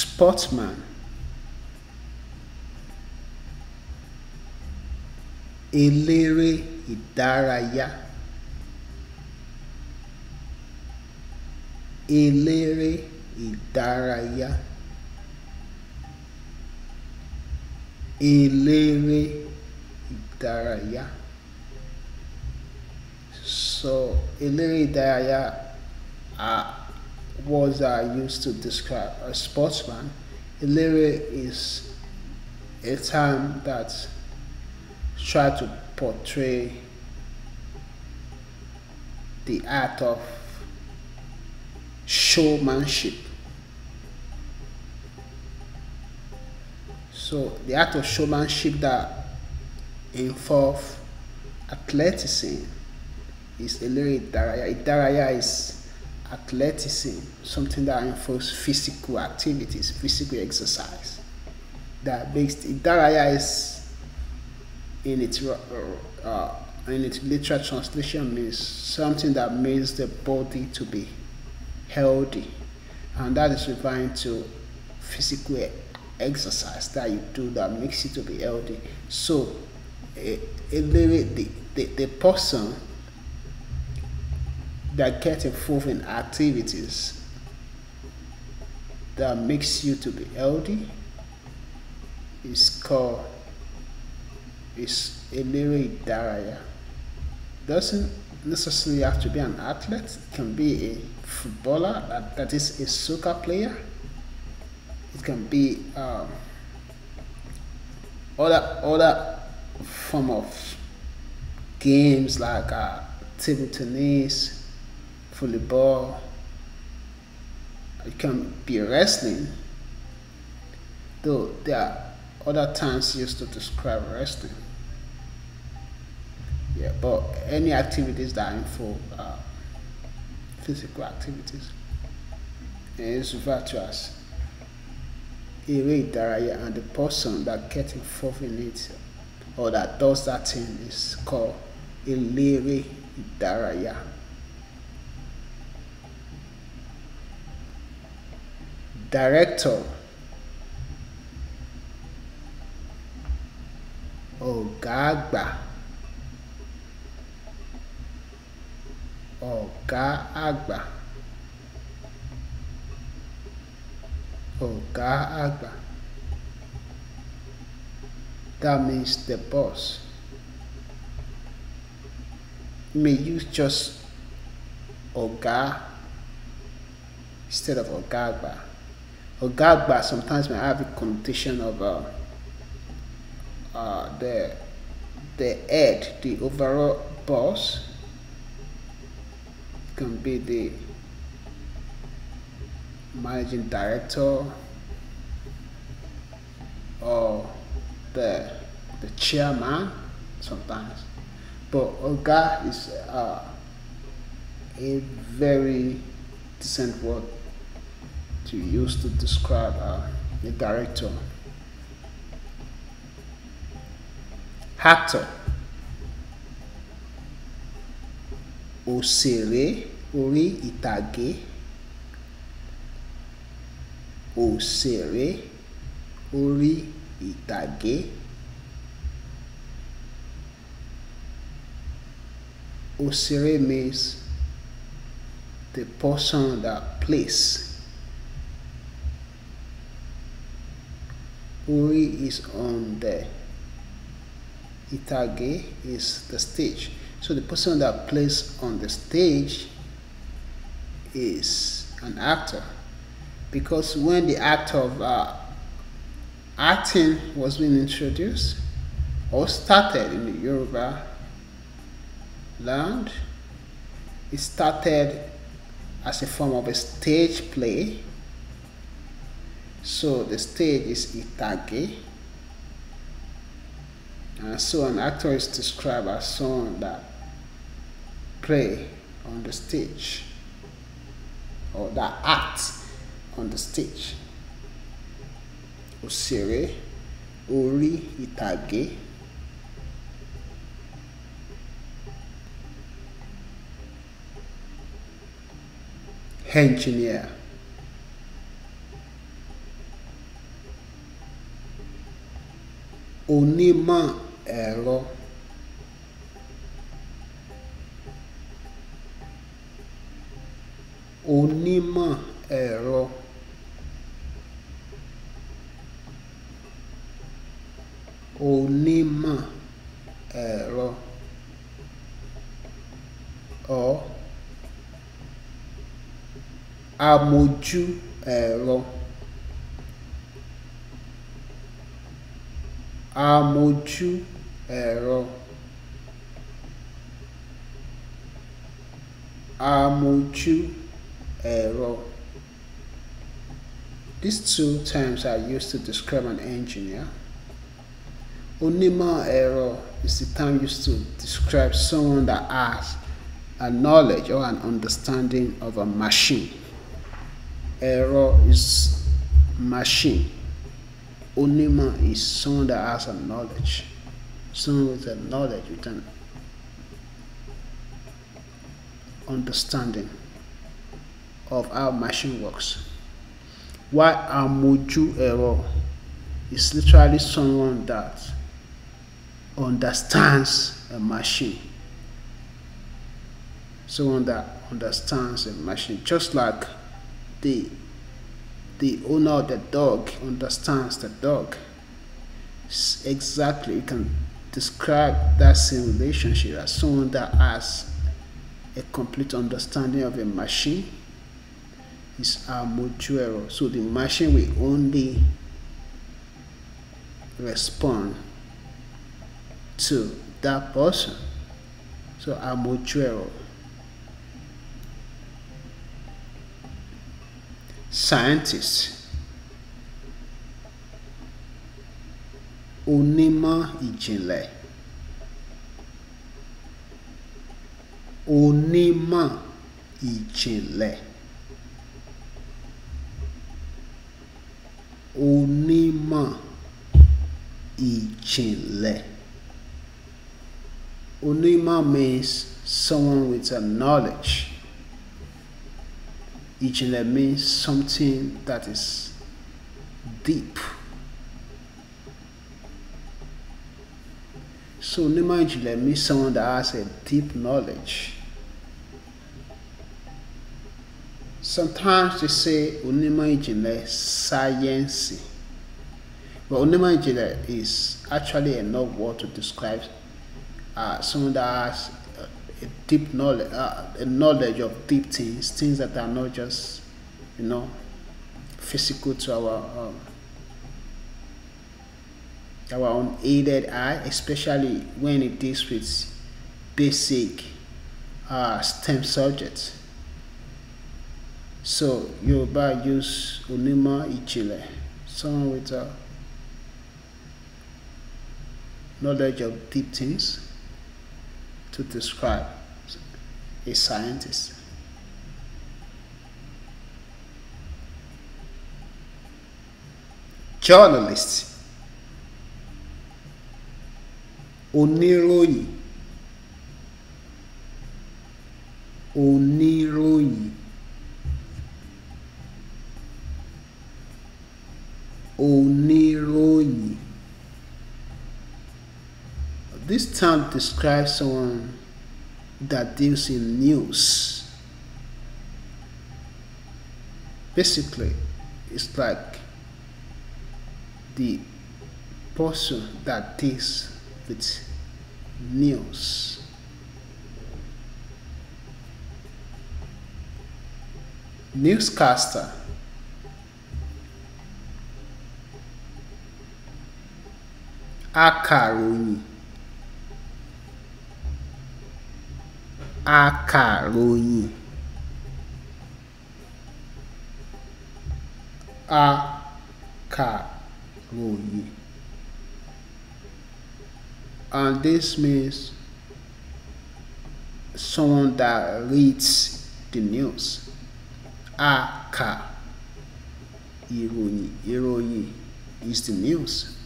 Sportsman. Eléré ìdárayá. Eléré ìdárayá. Eléré ìdárayá. So eléré ìdárayá uh, words that are used to describe a sportsman. Literary is a term that tries to portray the art of showmanship. So the art of showmanship that involves athleticism is eléré ìdárayá ìdárayá is athleticism something that involves physical activities physical exercise that makes ìdárayá is in its uh, uh, in its literal translation means something that makes the body to be healthy and that is referring to physical exercise that you do that makes you to be healthy so eh, the, the, the person that get involved in activities that makes you to be healthy is called is eléré ìdárayá doesn't necessarily have to be an athlete it can be a footballer that, that is a soccer player it can be um, other other form of games like uh, table tennis volleyball, it can be wrestling. Though there are other terms used to describe wrestling. Yeah, but any activities that involve uh, physical activities is virtuous. to and the person that gets involved in it or that does that thing is called eléré ìdárayá. director ọ̀gá àgbà ọ̀gá that means the boss may use just ọ̀gá instead of ọ̀gá Ogagba sometimes may have a condition of uh, uh, the the head, the overall boss can be the managing director or the the chairman sometimes. But Oga is uh, a very decent word to use to describe uh, director. Actor. Òṣèré orí ìtàgé. Òṣèré orí ìtàgé. Òṣèré means the person that plays Uri is on the itage is the stage. So the person that plays on the stage is an actor because when the act of uh, acting was being introduced or started in the Yoruba land, it started as a form of a stage play so the stage is Itage. And so an actor is described as someone that play on the stage or that act on the stage. Osire orí ìtàgé. Engineer. onímọ̀ ẹ̀rọ onímọ̀ ẹ̀rọ onímọ̀ ẹ̀rọ ọ amójú ẹ̀rọ. amójú ẹ̀rọ amójú ẹ̀rọ these two terms are used to describe an engineer onímọ̀ ẹ̀rọ is the term used to describe someone that has a knowledge or an understanding of a machine ẹ̀rọ is machine. Only man is someone that has a knowledge, someone with a knowledge, with an understanding of how machine works. Why Amuju Ero is literally someone that understands a machine. Someone that understands a machine, just like the the owner of the dog understands the dog. Exactly, you can describe that same relationship as someone that has a complete understanding of a machine is a mutual. So the machine will only respond to that person. So a mutual. scientist Onema ìjìnlẹ̀ Onema ìjìnlẹ̀ Onema ìjìnlẹ̀ Onema means someone with a knowledge Ichile means something that is deep. So Nima Ichile means someone that has a deep knowledge. Sometimes they say Unima Ichile science. But Unima Ichile is actually a word to describe uh, someone that has deep knowledge, uh, knowledge of deep things, things that are not just, you know, physical to our um, our unaided eye, especially when it deals with basic uh, STEM subjects. So Yoruba use Onima Ichile, someone with a knowledge of deep things to describe a scientist. journalist oníròyìn oníròyìn oníròyìn this term describes someone that deals in news. Basically, it's like the person that deals with news. Newscaster akàròyìn akàròyìn akàròyìn and this means someone that reads the news aka ìròyìn ìròyìn is the news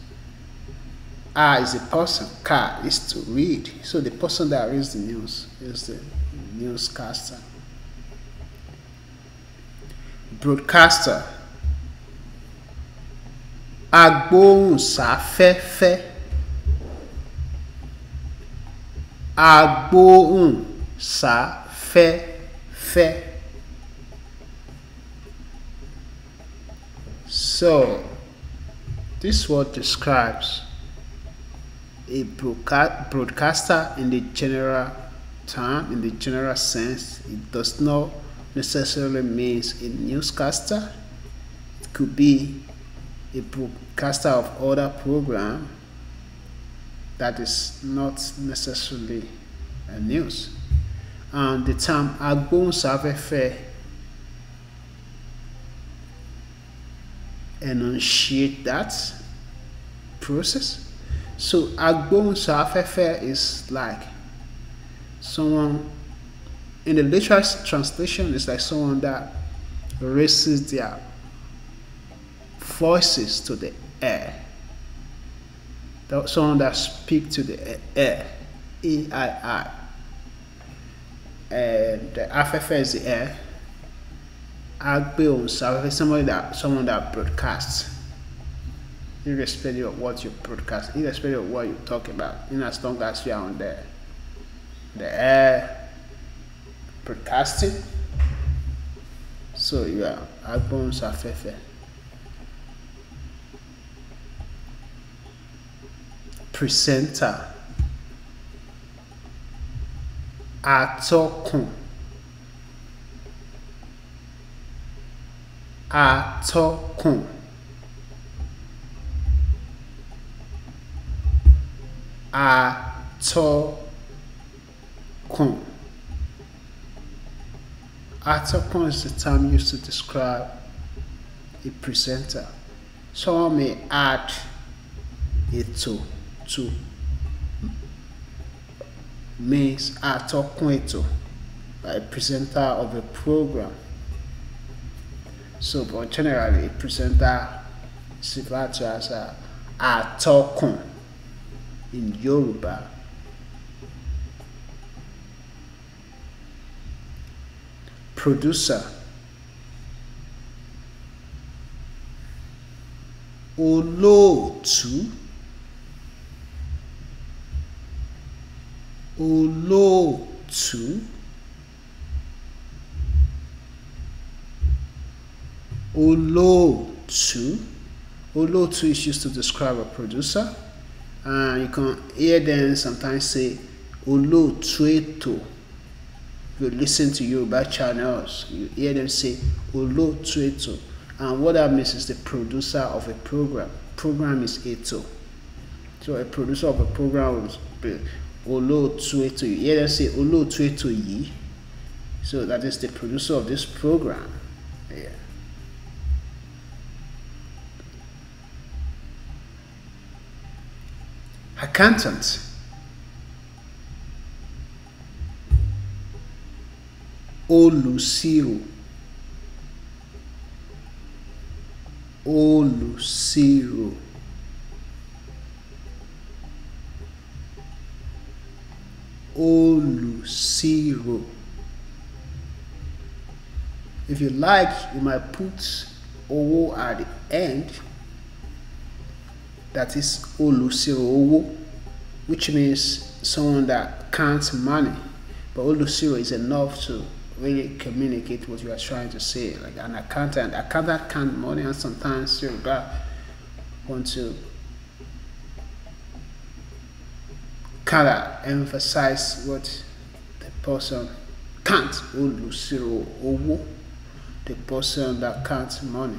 Ah, is a person, Car is to read. So the person that reads the news is the newscaster. Broadcaster. Agbóhùnsáfẹ́fẹ́. Agbóhùnsáfẹ́fẹ́. So, this word describes a broadcaster in the general term, in the general sense. It does not necessarily means a newscaster. It could be a broadcaster of other program that is not necessarily a news. And the term fair enunciate that process so agbóhùnsáfẹ́fẹ́ is like someone in the literal translation is like someone that raises their voices to the air. Someone that speak to the air. E I I. And the afẹ́fẹ́ is the air. is somebody that someone that broadcasts irrespective of what you broadcast, irrespective of what you talk about, in as long as you are on the, the air broadcasting. So albums are agbóhùn sáfẹ́fẹ́. Presenter atọ́kùn atọ́kùn. atokun. Atokun is the term used to describe a presenter. Someone may add a to to means atokun a presenter of a program. So, but generally, a presenter is referred to as a atokun in Yoruba. Producer Olóòtú Olóòtú Olóòtú Olóòtú is used to describe a producer uh, you can hear them sometimes say Olo Tueto. If you listen to Yoruba channels, you hear them say Olo Tueto. And what that means is the producer of a program. Program is Eto. So a producer of a program will Olo Tueto. You hear them say Olo Tueto Yi. So that is the producer of this program. accountant olùṣirò olùṣirò olùṣirò if you like you might put owó at the end that is Olusiro which means someone that counts money. But Olusiro is enough to really communicate what you are trying to say. Like an accountant, accountant count money and sometimes you want to kind of emphasize what the person counts Olusiro Owo, the person that counts money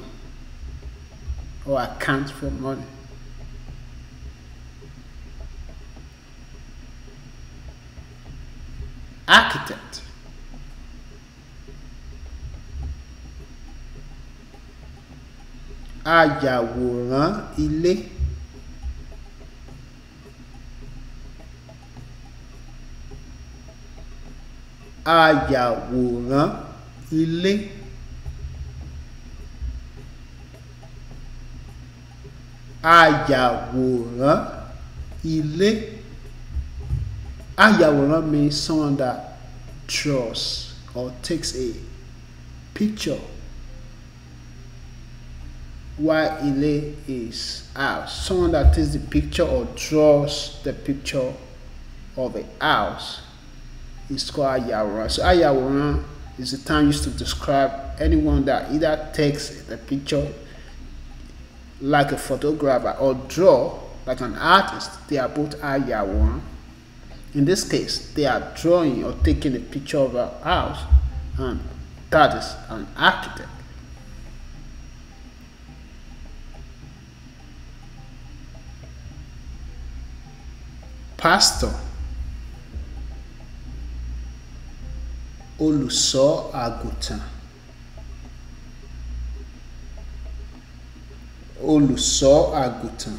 or accounts for money. architect. ayàwòrán ilé. ayàwòrán ilé. ayàwòrán ilé. Ayàwòrán means someone that draws or takes a picture while Ile is house. Someone that takes the picture or draws the picture of a house is called Ayàwòrán. So Ayàwòrán is the term used to describe anyone that either takes the picture like a photographer or draw like an artist. They are both Ayàwòrán in this case they are drawing or taking a picture of a house and that is an architect pastor olùṣọ́ àgùntàn olùṣọ́ Agutan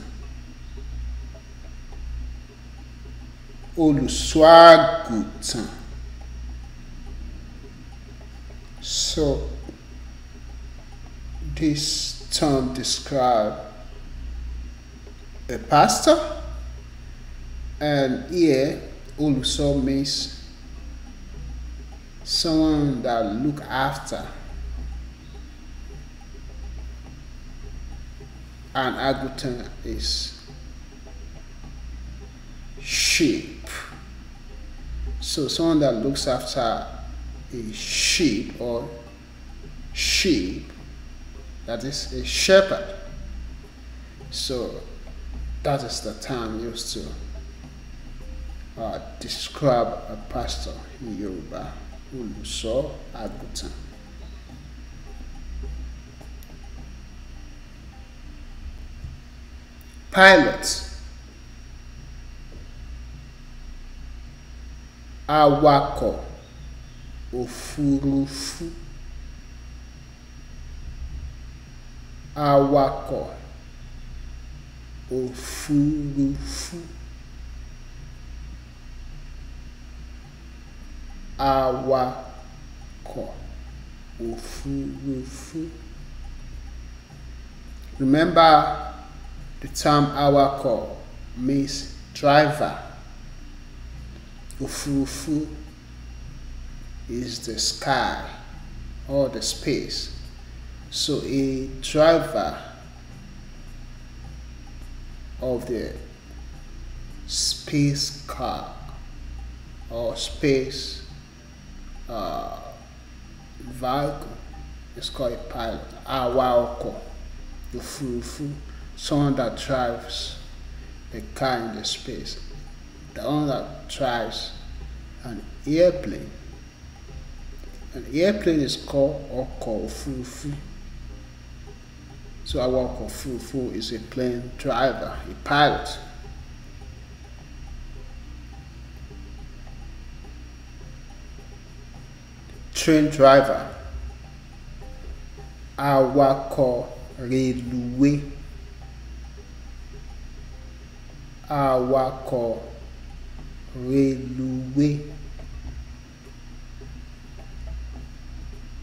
olùṣọ́àgùtàn so this term describes a pastor and here olùṣọ́ means someone that look after and agutan is she so someone that looks after a sheep or sheep, that is a shepherd. So that is the term used to uh, describe a pastor in Yoruba, Uluso Agutan. pilots. awakọ̀ òfurufú awakọ̀ òfurufú awakọ̀ òfurufú. Remember the term awakọ̀ means driver. Ufufu is the sky or the space. So a driver of the space car or space uh, vehicle is called a pilot. Awako, Ufufu, someone that drives the car in the space the one that drives an airplane. An airplane is called ọkọ̀ òfurufú. So our ọkọ̀ is a plane driver, a pilot. Train driver. Awakọ̀ reluwé. Awakọ̀ reluwé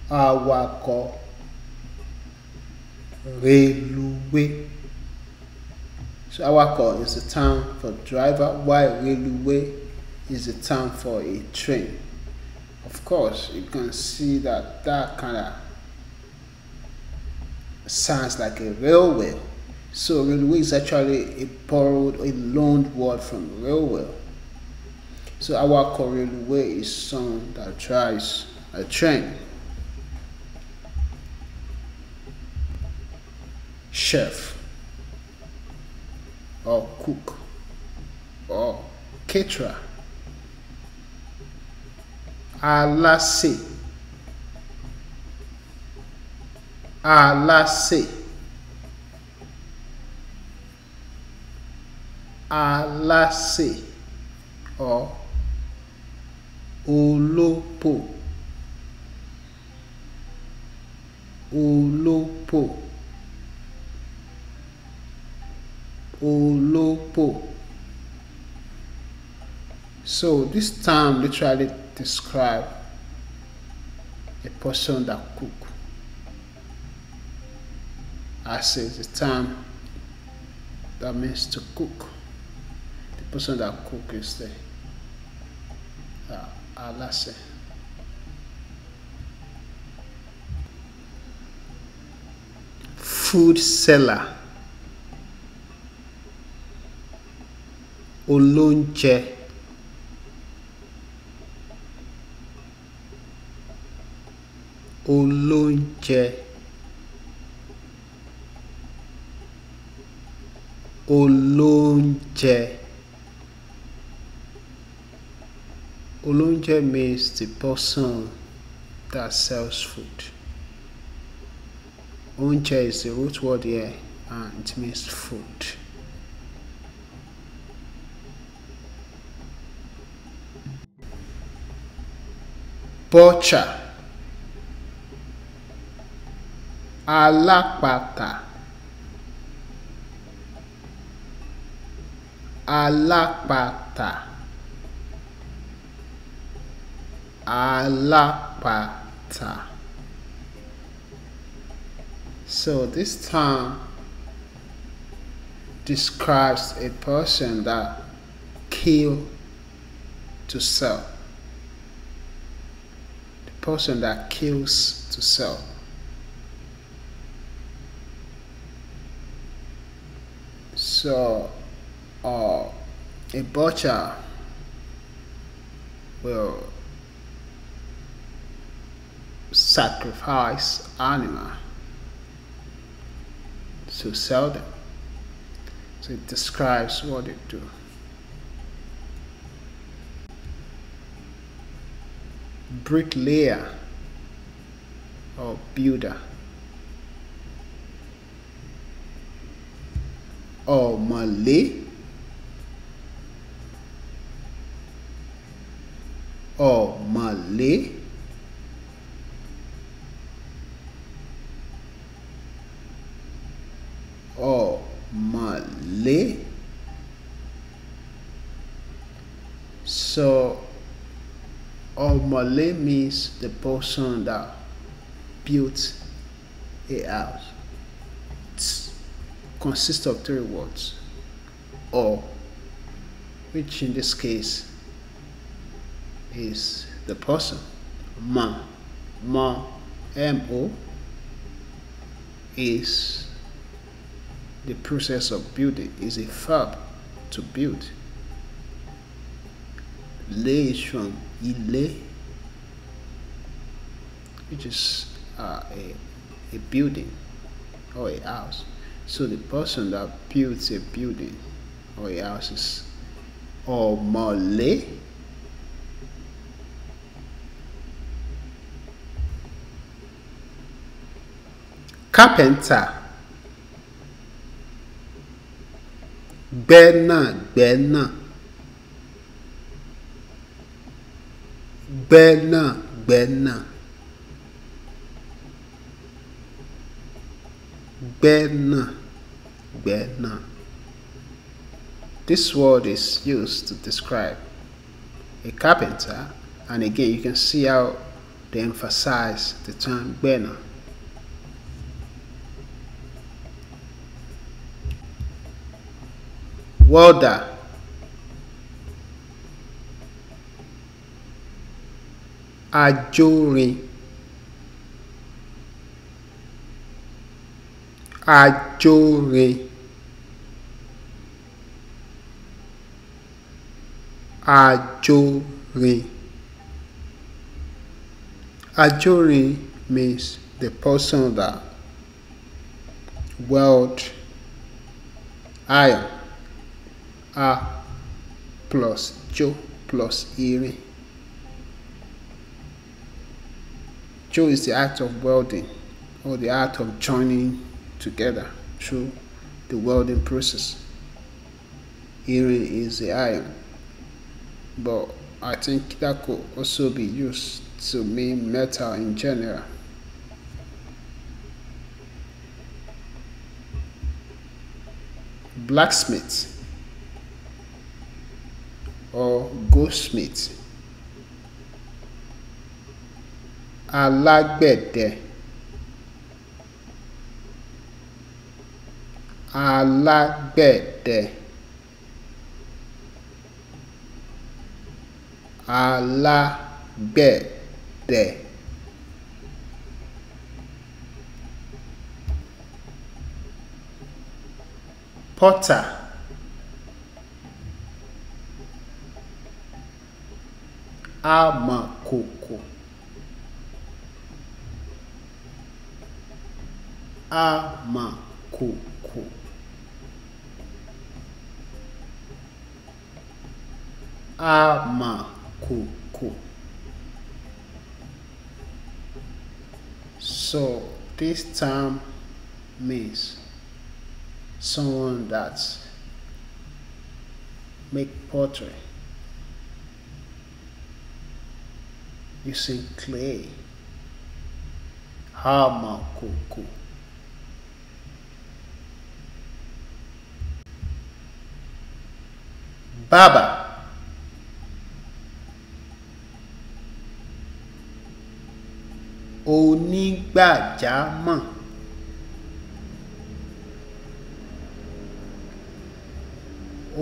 awakọ̀ reluwé so awakọ̀ is a term for driver while reluwé is a term for a train of course you can see that that kind of sounds like a railway so railway is actually a borrowed a loaned word from railway so our Korean way is someone that tries a train. Chef or cook or caterer. Alásè. Alásè. Alásè or olópò olópò olópò so this term literally describe a person that cook I say a term that means to cook the person that cook is the uh, aláṣẹ. food seller olóúnjẹ olóúnjẹ olóúnjẹ. Olonje means the person that sells food. Onje is the root word here and it means food. Butcher Alápatà Alápatà. alapata. So this term describes a person that kill to sell. The person that kills to sell. So uh, a butcher will sacrifice animal to sell them. So it describes what they do. Bricklayer or builder or Malay or Malay or Malay. So Omale means the person that built a house. It consists of three words. Or, which in this case is the person. Ma. Ma. M-O is the process of building is a fab to build. Lay is from ile, which is uh, a, a building or a house. So the person that builds a building or a house is omole. Carpenter gbẹ́nàgbẹ́nà gbẹ́nàgbẹ́nà gbẹ́nàgbẹ́nà. This word is used to describe a carpenter, and again, you can see how they emphasize the term gbẹ́nà. welder ajórin ajórin ajórin ajórin means the person that weld iron a plus Joe plus Erie. Joe is the act of welding or the act of joining together through the welding process. Erie is the iron, but I think that could also be used to mean metal in general. Blacksmith or goldsmith alágbẹ̀dẹ alágbẹ̀dẹ alágbẹ̀dẹ. Potter amakoko amakoko amakoko so this term means someone that make pottery You using clay, hama Baba. Onígbàjámọ̀.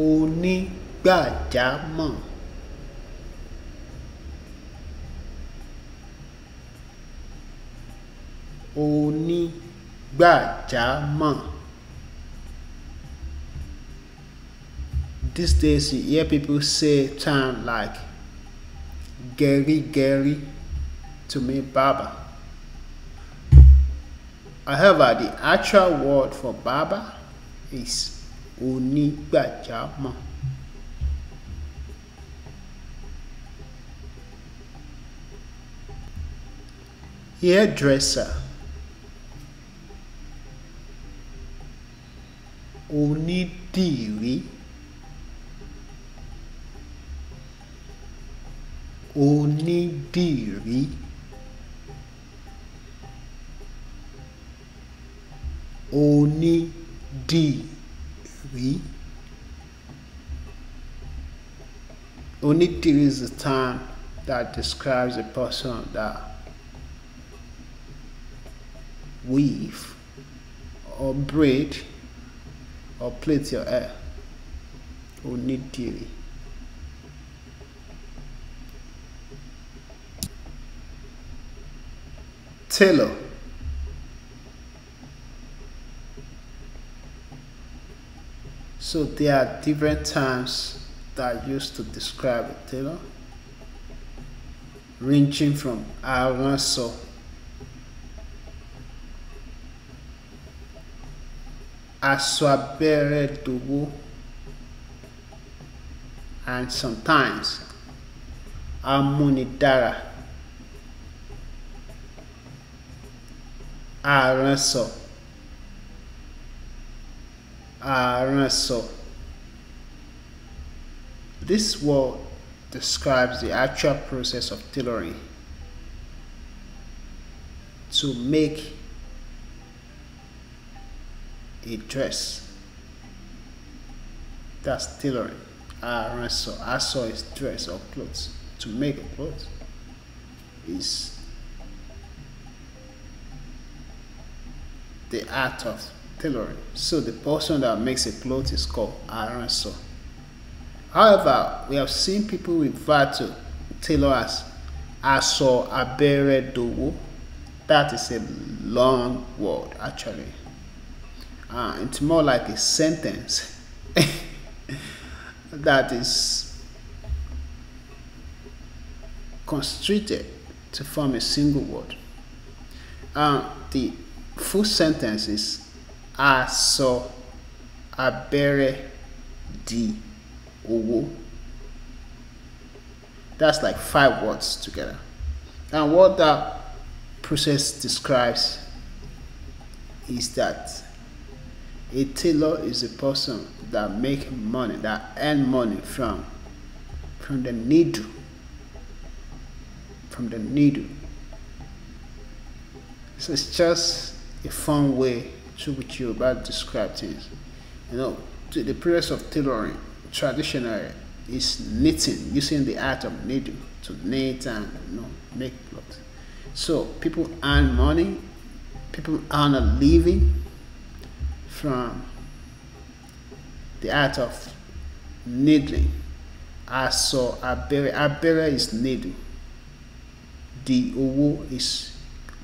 Onígbàjámọ̀. onígbàjámọ̀ these days you hear people say term like gerigeri to mean barber however the actual word for barber is onígbàjámọ̀. hairdresser onidiri onídìrí onídìrí onídìrí is a term that describes a person that weave or braid or plate your hair or need dearly. Tailor. So there are different terms that are used to describe a tailor, ranging from I once I swap very and sometimes I monitor Aranso Aranso This word describes the actual process of tailoring to make a dress. That's tailoring. I saw, I saw a dress or clothes. To make a clothes is the art of tailoring. So the person that makes a cloth is called a saw. However, we have seen people refer to tailor as aso abere dowo. That is a long word actually uh, it's more like a sentence that is constricted to form a single word. Uh, the full sentence is aṣọ abẹ́rẹ́ di owó. That's like five words together. And what that process describes is that a tailor is a person that make money that earn money from from the needle from the needle so it's just a fun way to which you about describe things you know the process of tailoring traditional is knitting using the art of needle to knit and you know make clothes so people earn money people earn a living from the art of needling. I saw abere. Abere is needle. The owo is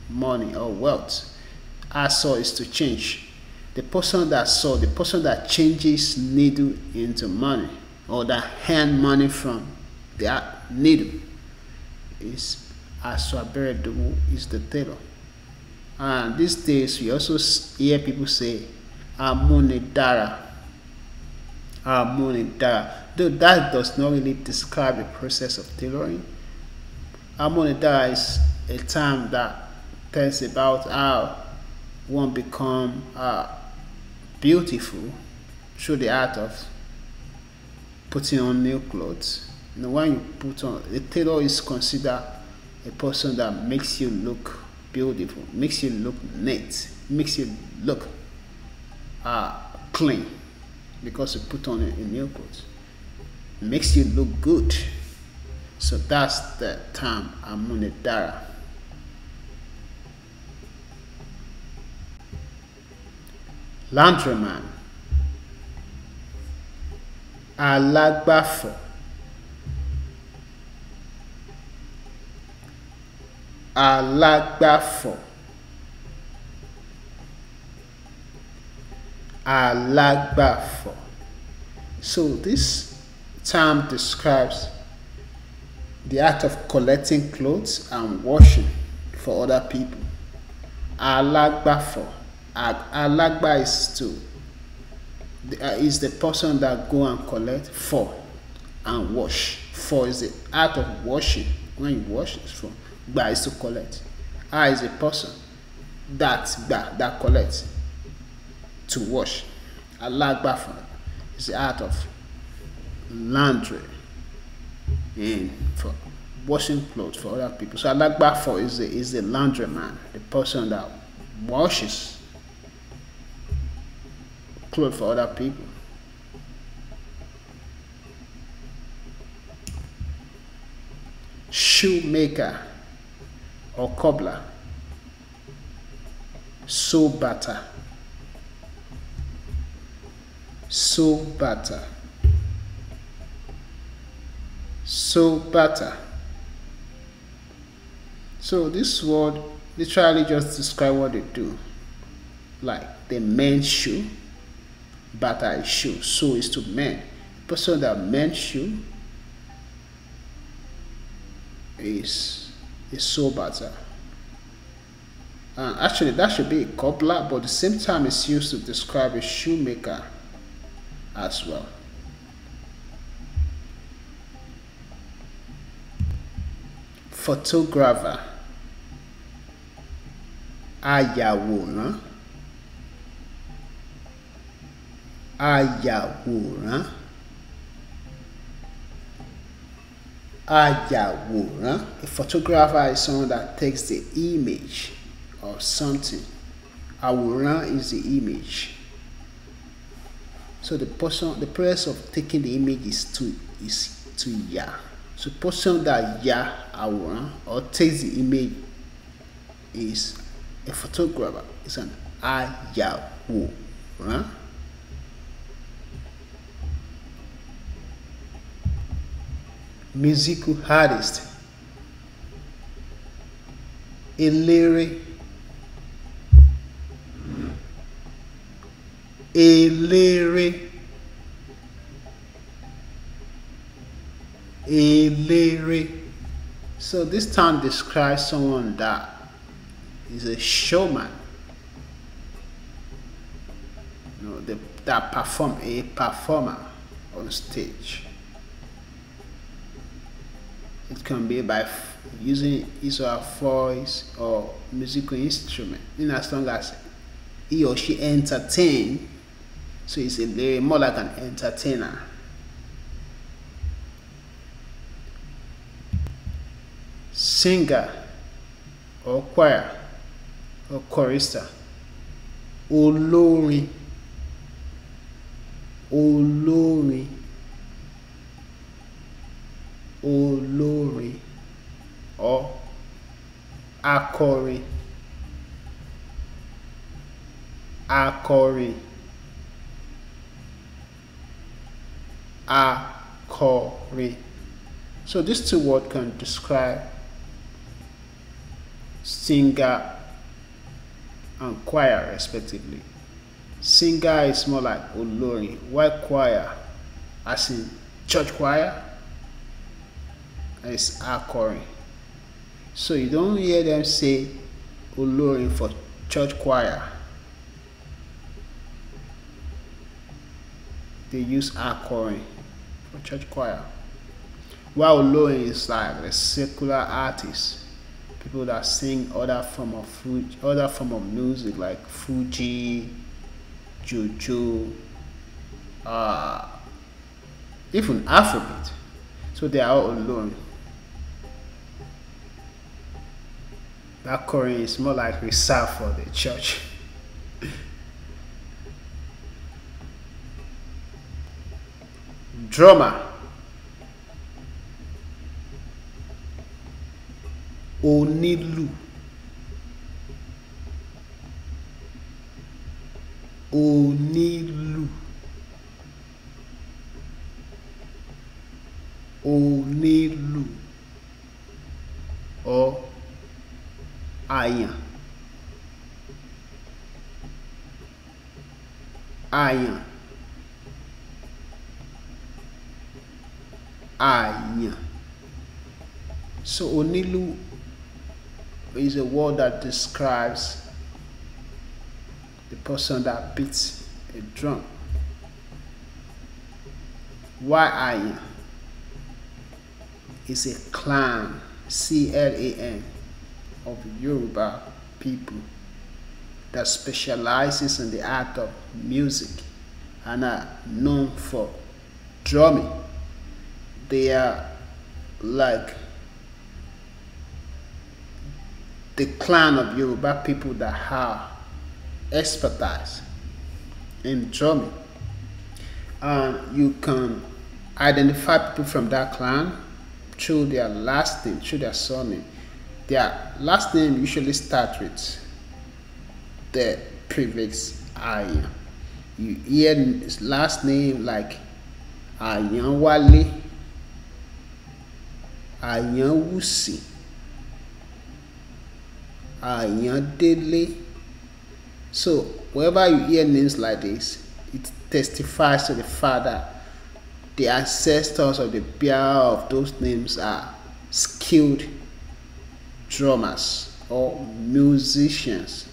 money or wealth. I saw is to change. The person that saw, the person that changes needle into money or that hand money from the needle is Aswabere owo is the tailor. And these days we also hear people say Amunidara. Amunidara. Though that does not really describe the process of tailoring. Amunidara is a term that tells about how one become uh, beautiful through the art of putting on new clothes. And when you put on, the tailor is considered a person that makes you look beautiful, makes you look neat, makes you look are clean because you put on a, a new coat. makes you look good. So that's the term amunidara. Laundryman. Alágbàfọ̀. Alágbàfọ̀. alagbafo. So this term describes the act of collecting clothes and washing for other people. Alagbafo. Alagba is to uh, is the person that go and collect for and wash. For is the act of washing. When you wash, it's from. Gba is to collect. I is a person that that collects to wash. Alagbafun is the art of laundry and mm, for washing clothes for other people. So alagbafo is the is the laundryman, the person that washes clothes for other people. Shoemaker or cobbler, sew butter so butter so butter so this word literally just describe what they do like the mend shoe butter is shoe so is to mend person that mend shoe is is so butter actually that should be a cobbler but the same time it's used to describe a shoemaker as well. Photographer ayàwòrán ayàwòrán ayàwòrán a photographer is someone that takes the image of something àwòrán is the image so the portion, the process of taking the image is to is to ya. So portion that ya our or takes the image is a photographer. It's an ayawo, right? musical artist, a eléré eléré eléré so this term describes someone that is a showman you know, the, that perform a performer on stage it can be by using his or her voice or musical instrument in as long as he or she entertains. So he's a lyric, more like an entertainer. Singer or choir or chorister. Olórin. Olórin. Olórin or akọrin. Akọrin. choir. So these two words can describe singer and choir respectively. Singer is more like olori, while choir, as in church choir, is choir. So you don't hear them say olori for church choir. they use our choir, church choir. While Olorin is like the secular artists, people that sing other form of food, other form of music like Fuji, Juju, uh, even Alphabet. So they are all alone. That choir is more like reserved for the church. drummer onílù onílù onílù ọ àyàn àyàn. àyàn so onílù is a word that describes the person that beats a drum why àyàn is a clan c-l-a-n of Yoruba people that specializes in the art of music and are known for drumming they are like the clan of Yoruba people that have expertise in drumming. And you can identify people from that clan through their last name, through their surname. Their last name usually starts with the prefix Ayan. You hear his last name like Ayanwale àyánwùsì àyándélé so whenever you hear names like this it testifies to the fact that the ancestors of the bearer of those names are skilled drummers or musicians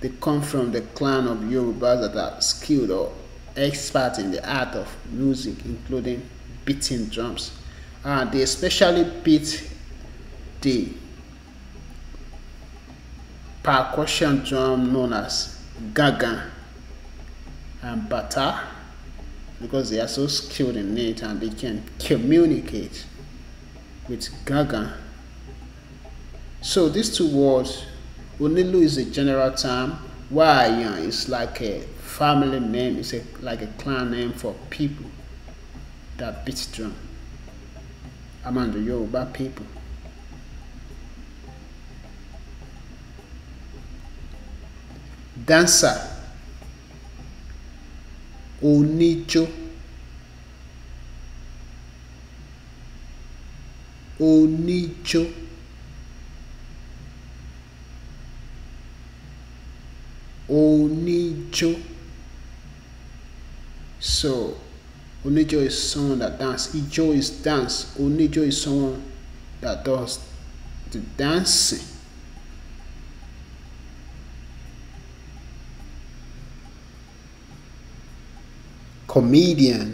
they come from the clan of Yorubas that are skilled or expert in the art of music, including beating drums and they especially beat the percussion drum known as gaga and bata because they are so skilled in it and they can communicate with gaga so these two words unilu is a general term wayan is like a family name it's a, like a clan name for people that beat drum among the Yoruba people. Dancer, oníjó, oníjó. oníjó. Onejo is someone that dance. Ijo is dance. Onejo is someone that does the dancing. Comedian.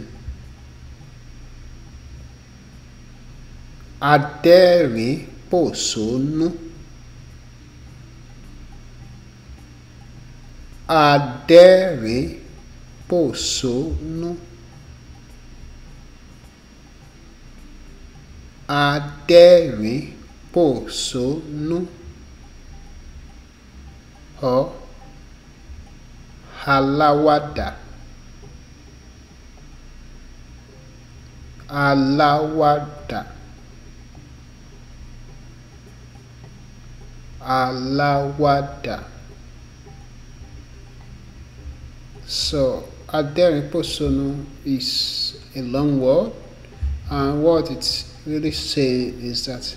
Adere pòṣónú. Adere pòṣónú. adẹ́rìn-pòṣónú or aláwàdà aláwàdà aláwàdà so adẹ́rìn-pòṣónú is a long word and what it's really say is that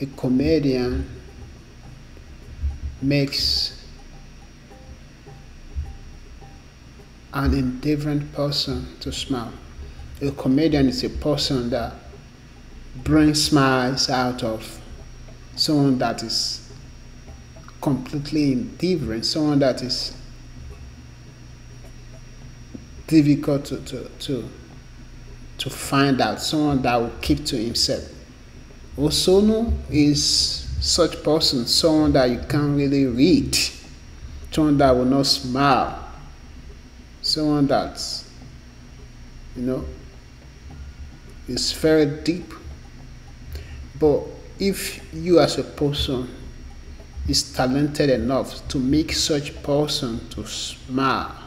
a comedian makes an indifferent person to smile. A comedian is a person that brings smiles out of someone that is completely indifferent, someone that is difficult to, to, to to find out, someone that will keep to himself. Osono is such person, someone that you can't really read, someone that will not smile, someone that, you know, is very deep. But if you as a person is talented enough to make such person to smile,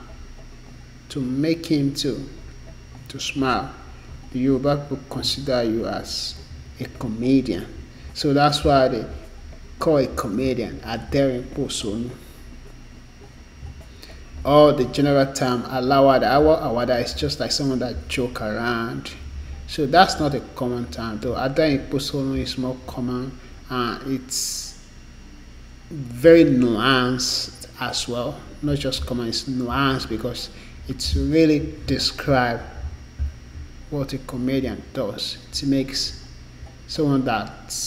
to make him to, to smile, the Yoruba people consider you as a comedian. So that's why they call a comedian Adering Posonu. Or the general term Alawada. Awada is just like someone that joke around. So that's not a common term though. Adering Posonu is more common and it's very nuanced as well. Not just common, it's nuanced because it's really described what a comedian does. It makes someone that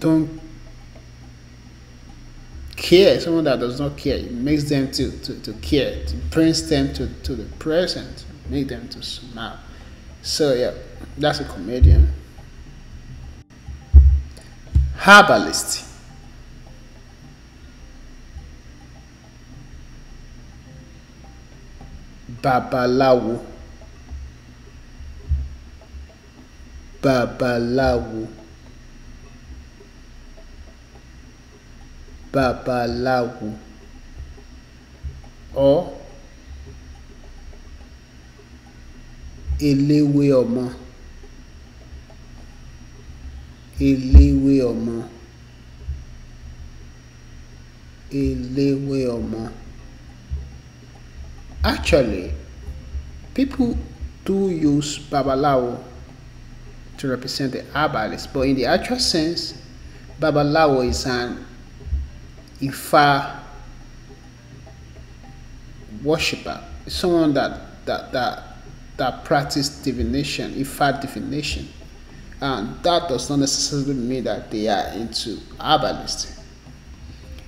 don't care, someone that does not care, it makes them to, to, to care, it brings them to, to the present, make them to smile. So yeah, that's a comedian. Herbalist. babaláwo babaláwo babaláwo ọ eléwé ọmọ eléwé ọmọ eléwé ọmọ. Actually, people do use Babalawo to represent the herbalist, but in the actual sense, Babalawo is an Ifa worshipper, someone that that that that practice divination, Ifa divination, and that does not necessarily mean that they are into herbalism.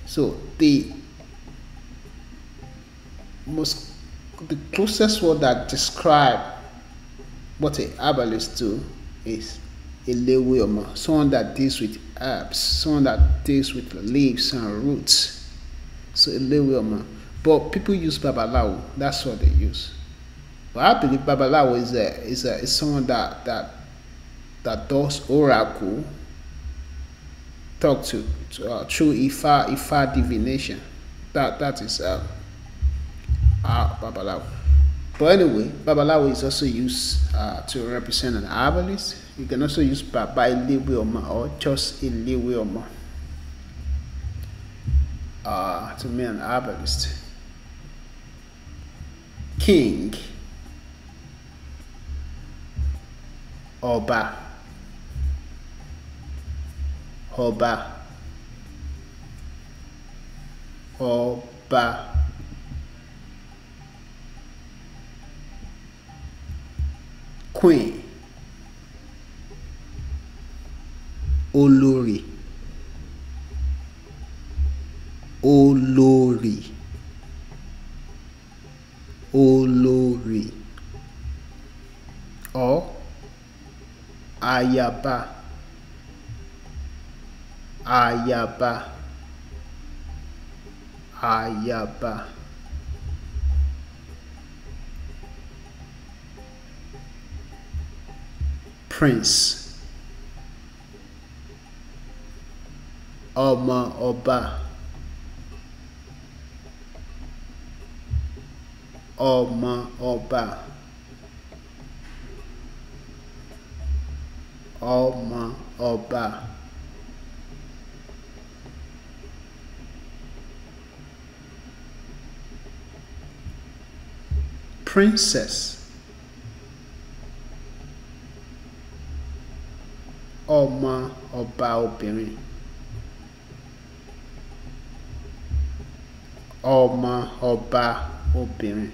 So the most the closest word that describe what a herbalist do is a lewiyoma, someone that deals with herbs, someone that deals with leaves and roots. So a lewiyoma. But people use babalawo. That's what they use. But I believe babalawo is a, is a, is someone that that that does oracle talk to, to uh, through Ifa Ifa divination. That that is uh, uh, ah, Babalawo. But anyway, Babalawo is also used uh, to represent an herbalist. You can also use Baba Iliwioma or just Iliwioma uh, to mean an herbalist. King Oba Oba Oba queen olórí olórí olórí ọ ayaba ayaba ayaba. ayaba. prince ọmọ ọba ọmọ ọba ọmọ ọba princess ọba obìnrin ọmọ ọba obìnrin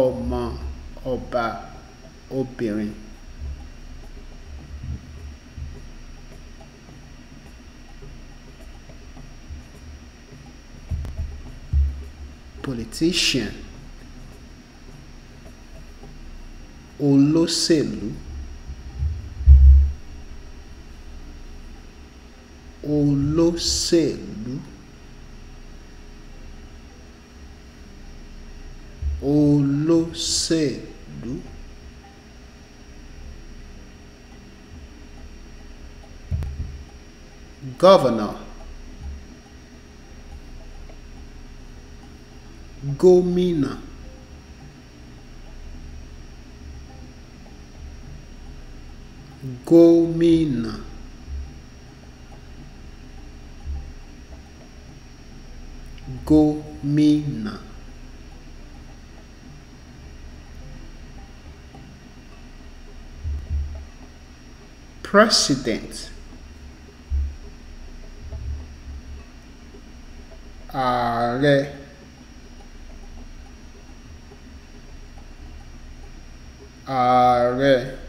ọmọ ọba obìnrin politician. olóṣèlú o olóṣèlú governor Gomina. commune. Commune. President. Ààrẹ. Ààrẹ.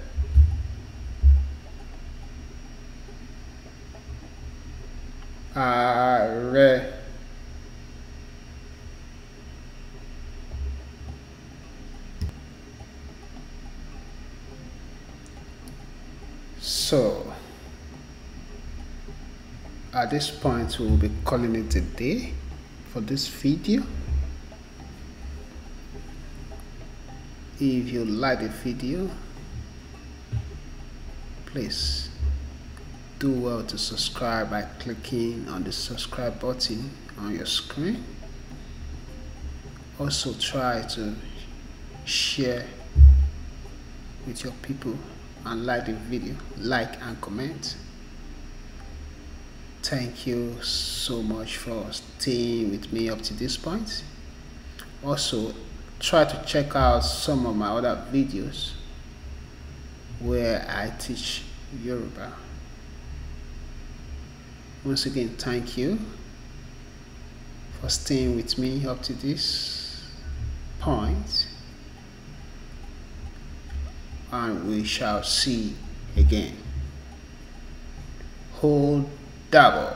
this point we will be calling it a day for this video if you like the video please do well to subscribe by clicking on the subscribe button on your screen also try to share with your people and like the video like and comment thank you so much for staying with me up to this point also try to check out some of my other videos where I teach Yoruba once again thank you for staying with me up to this point and we shall see again hold octavo.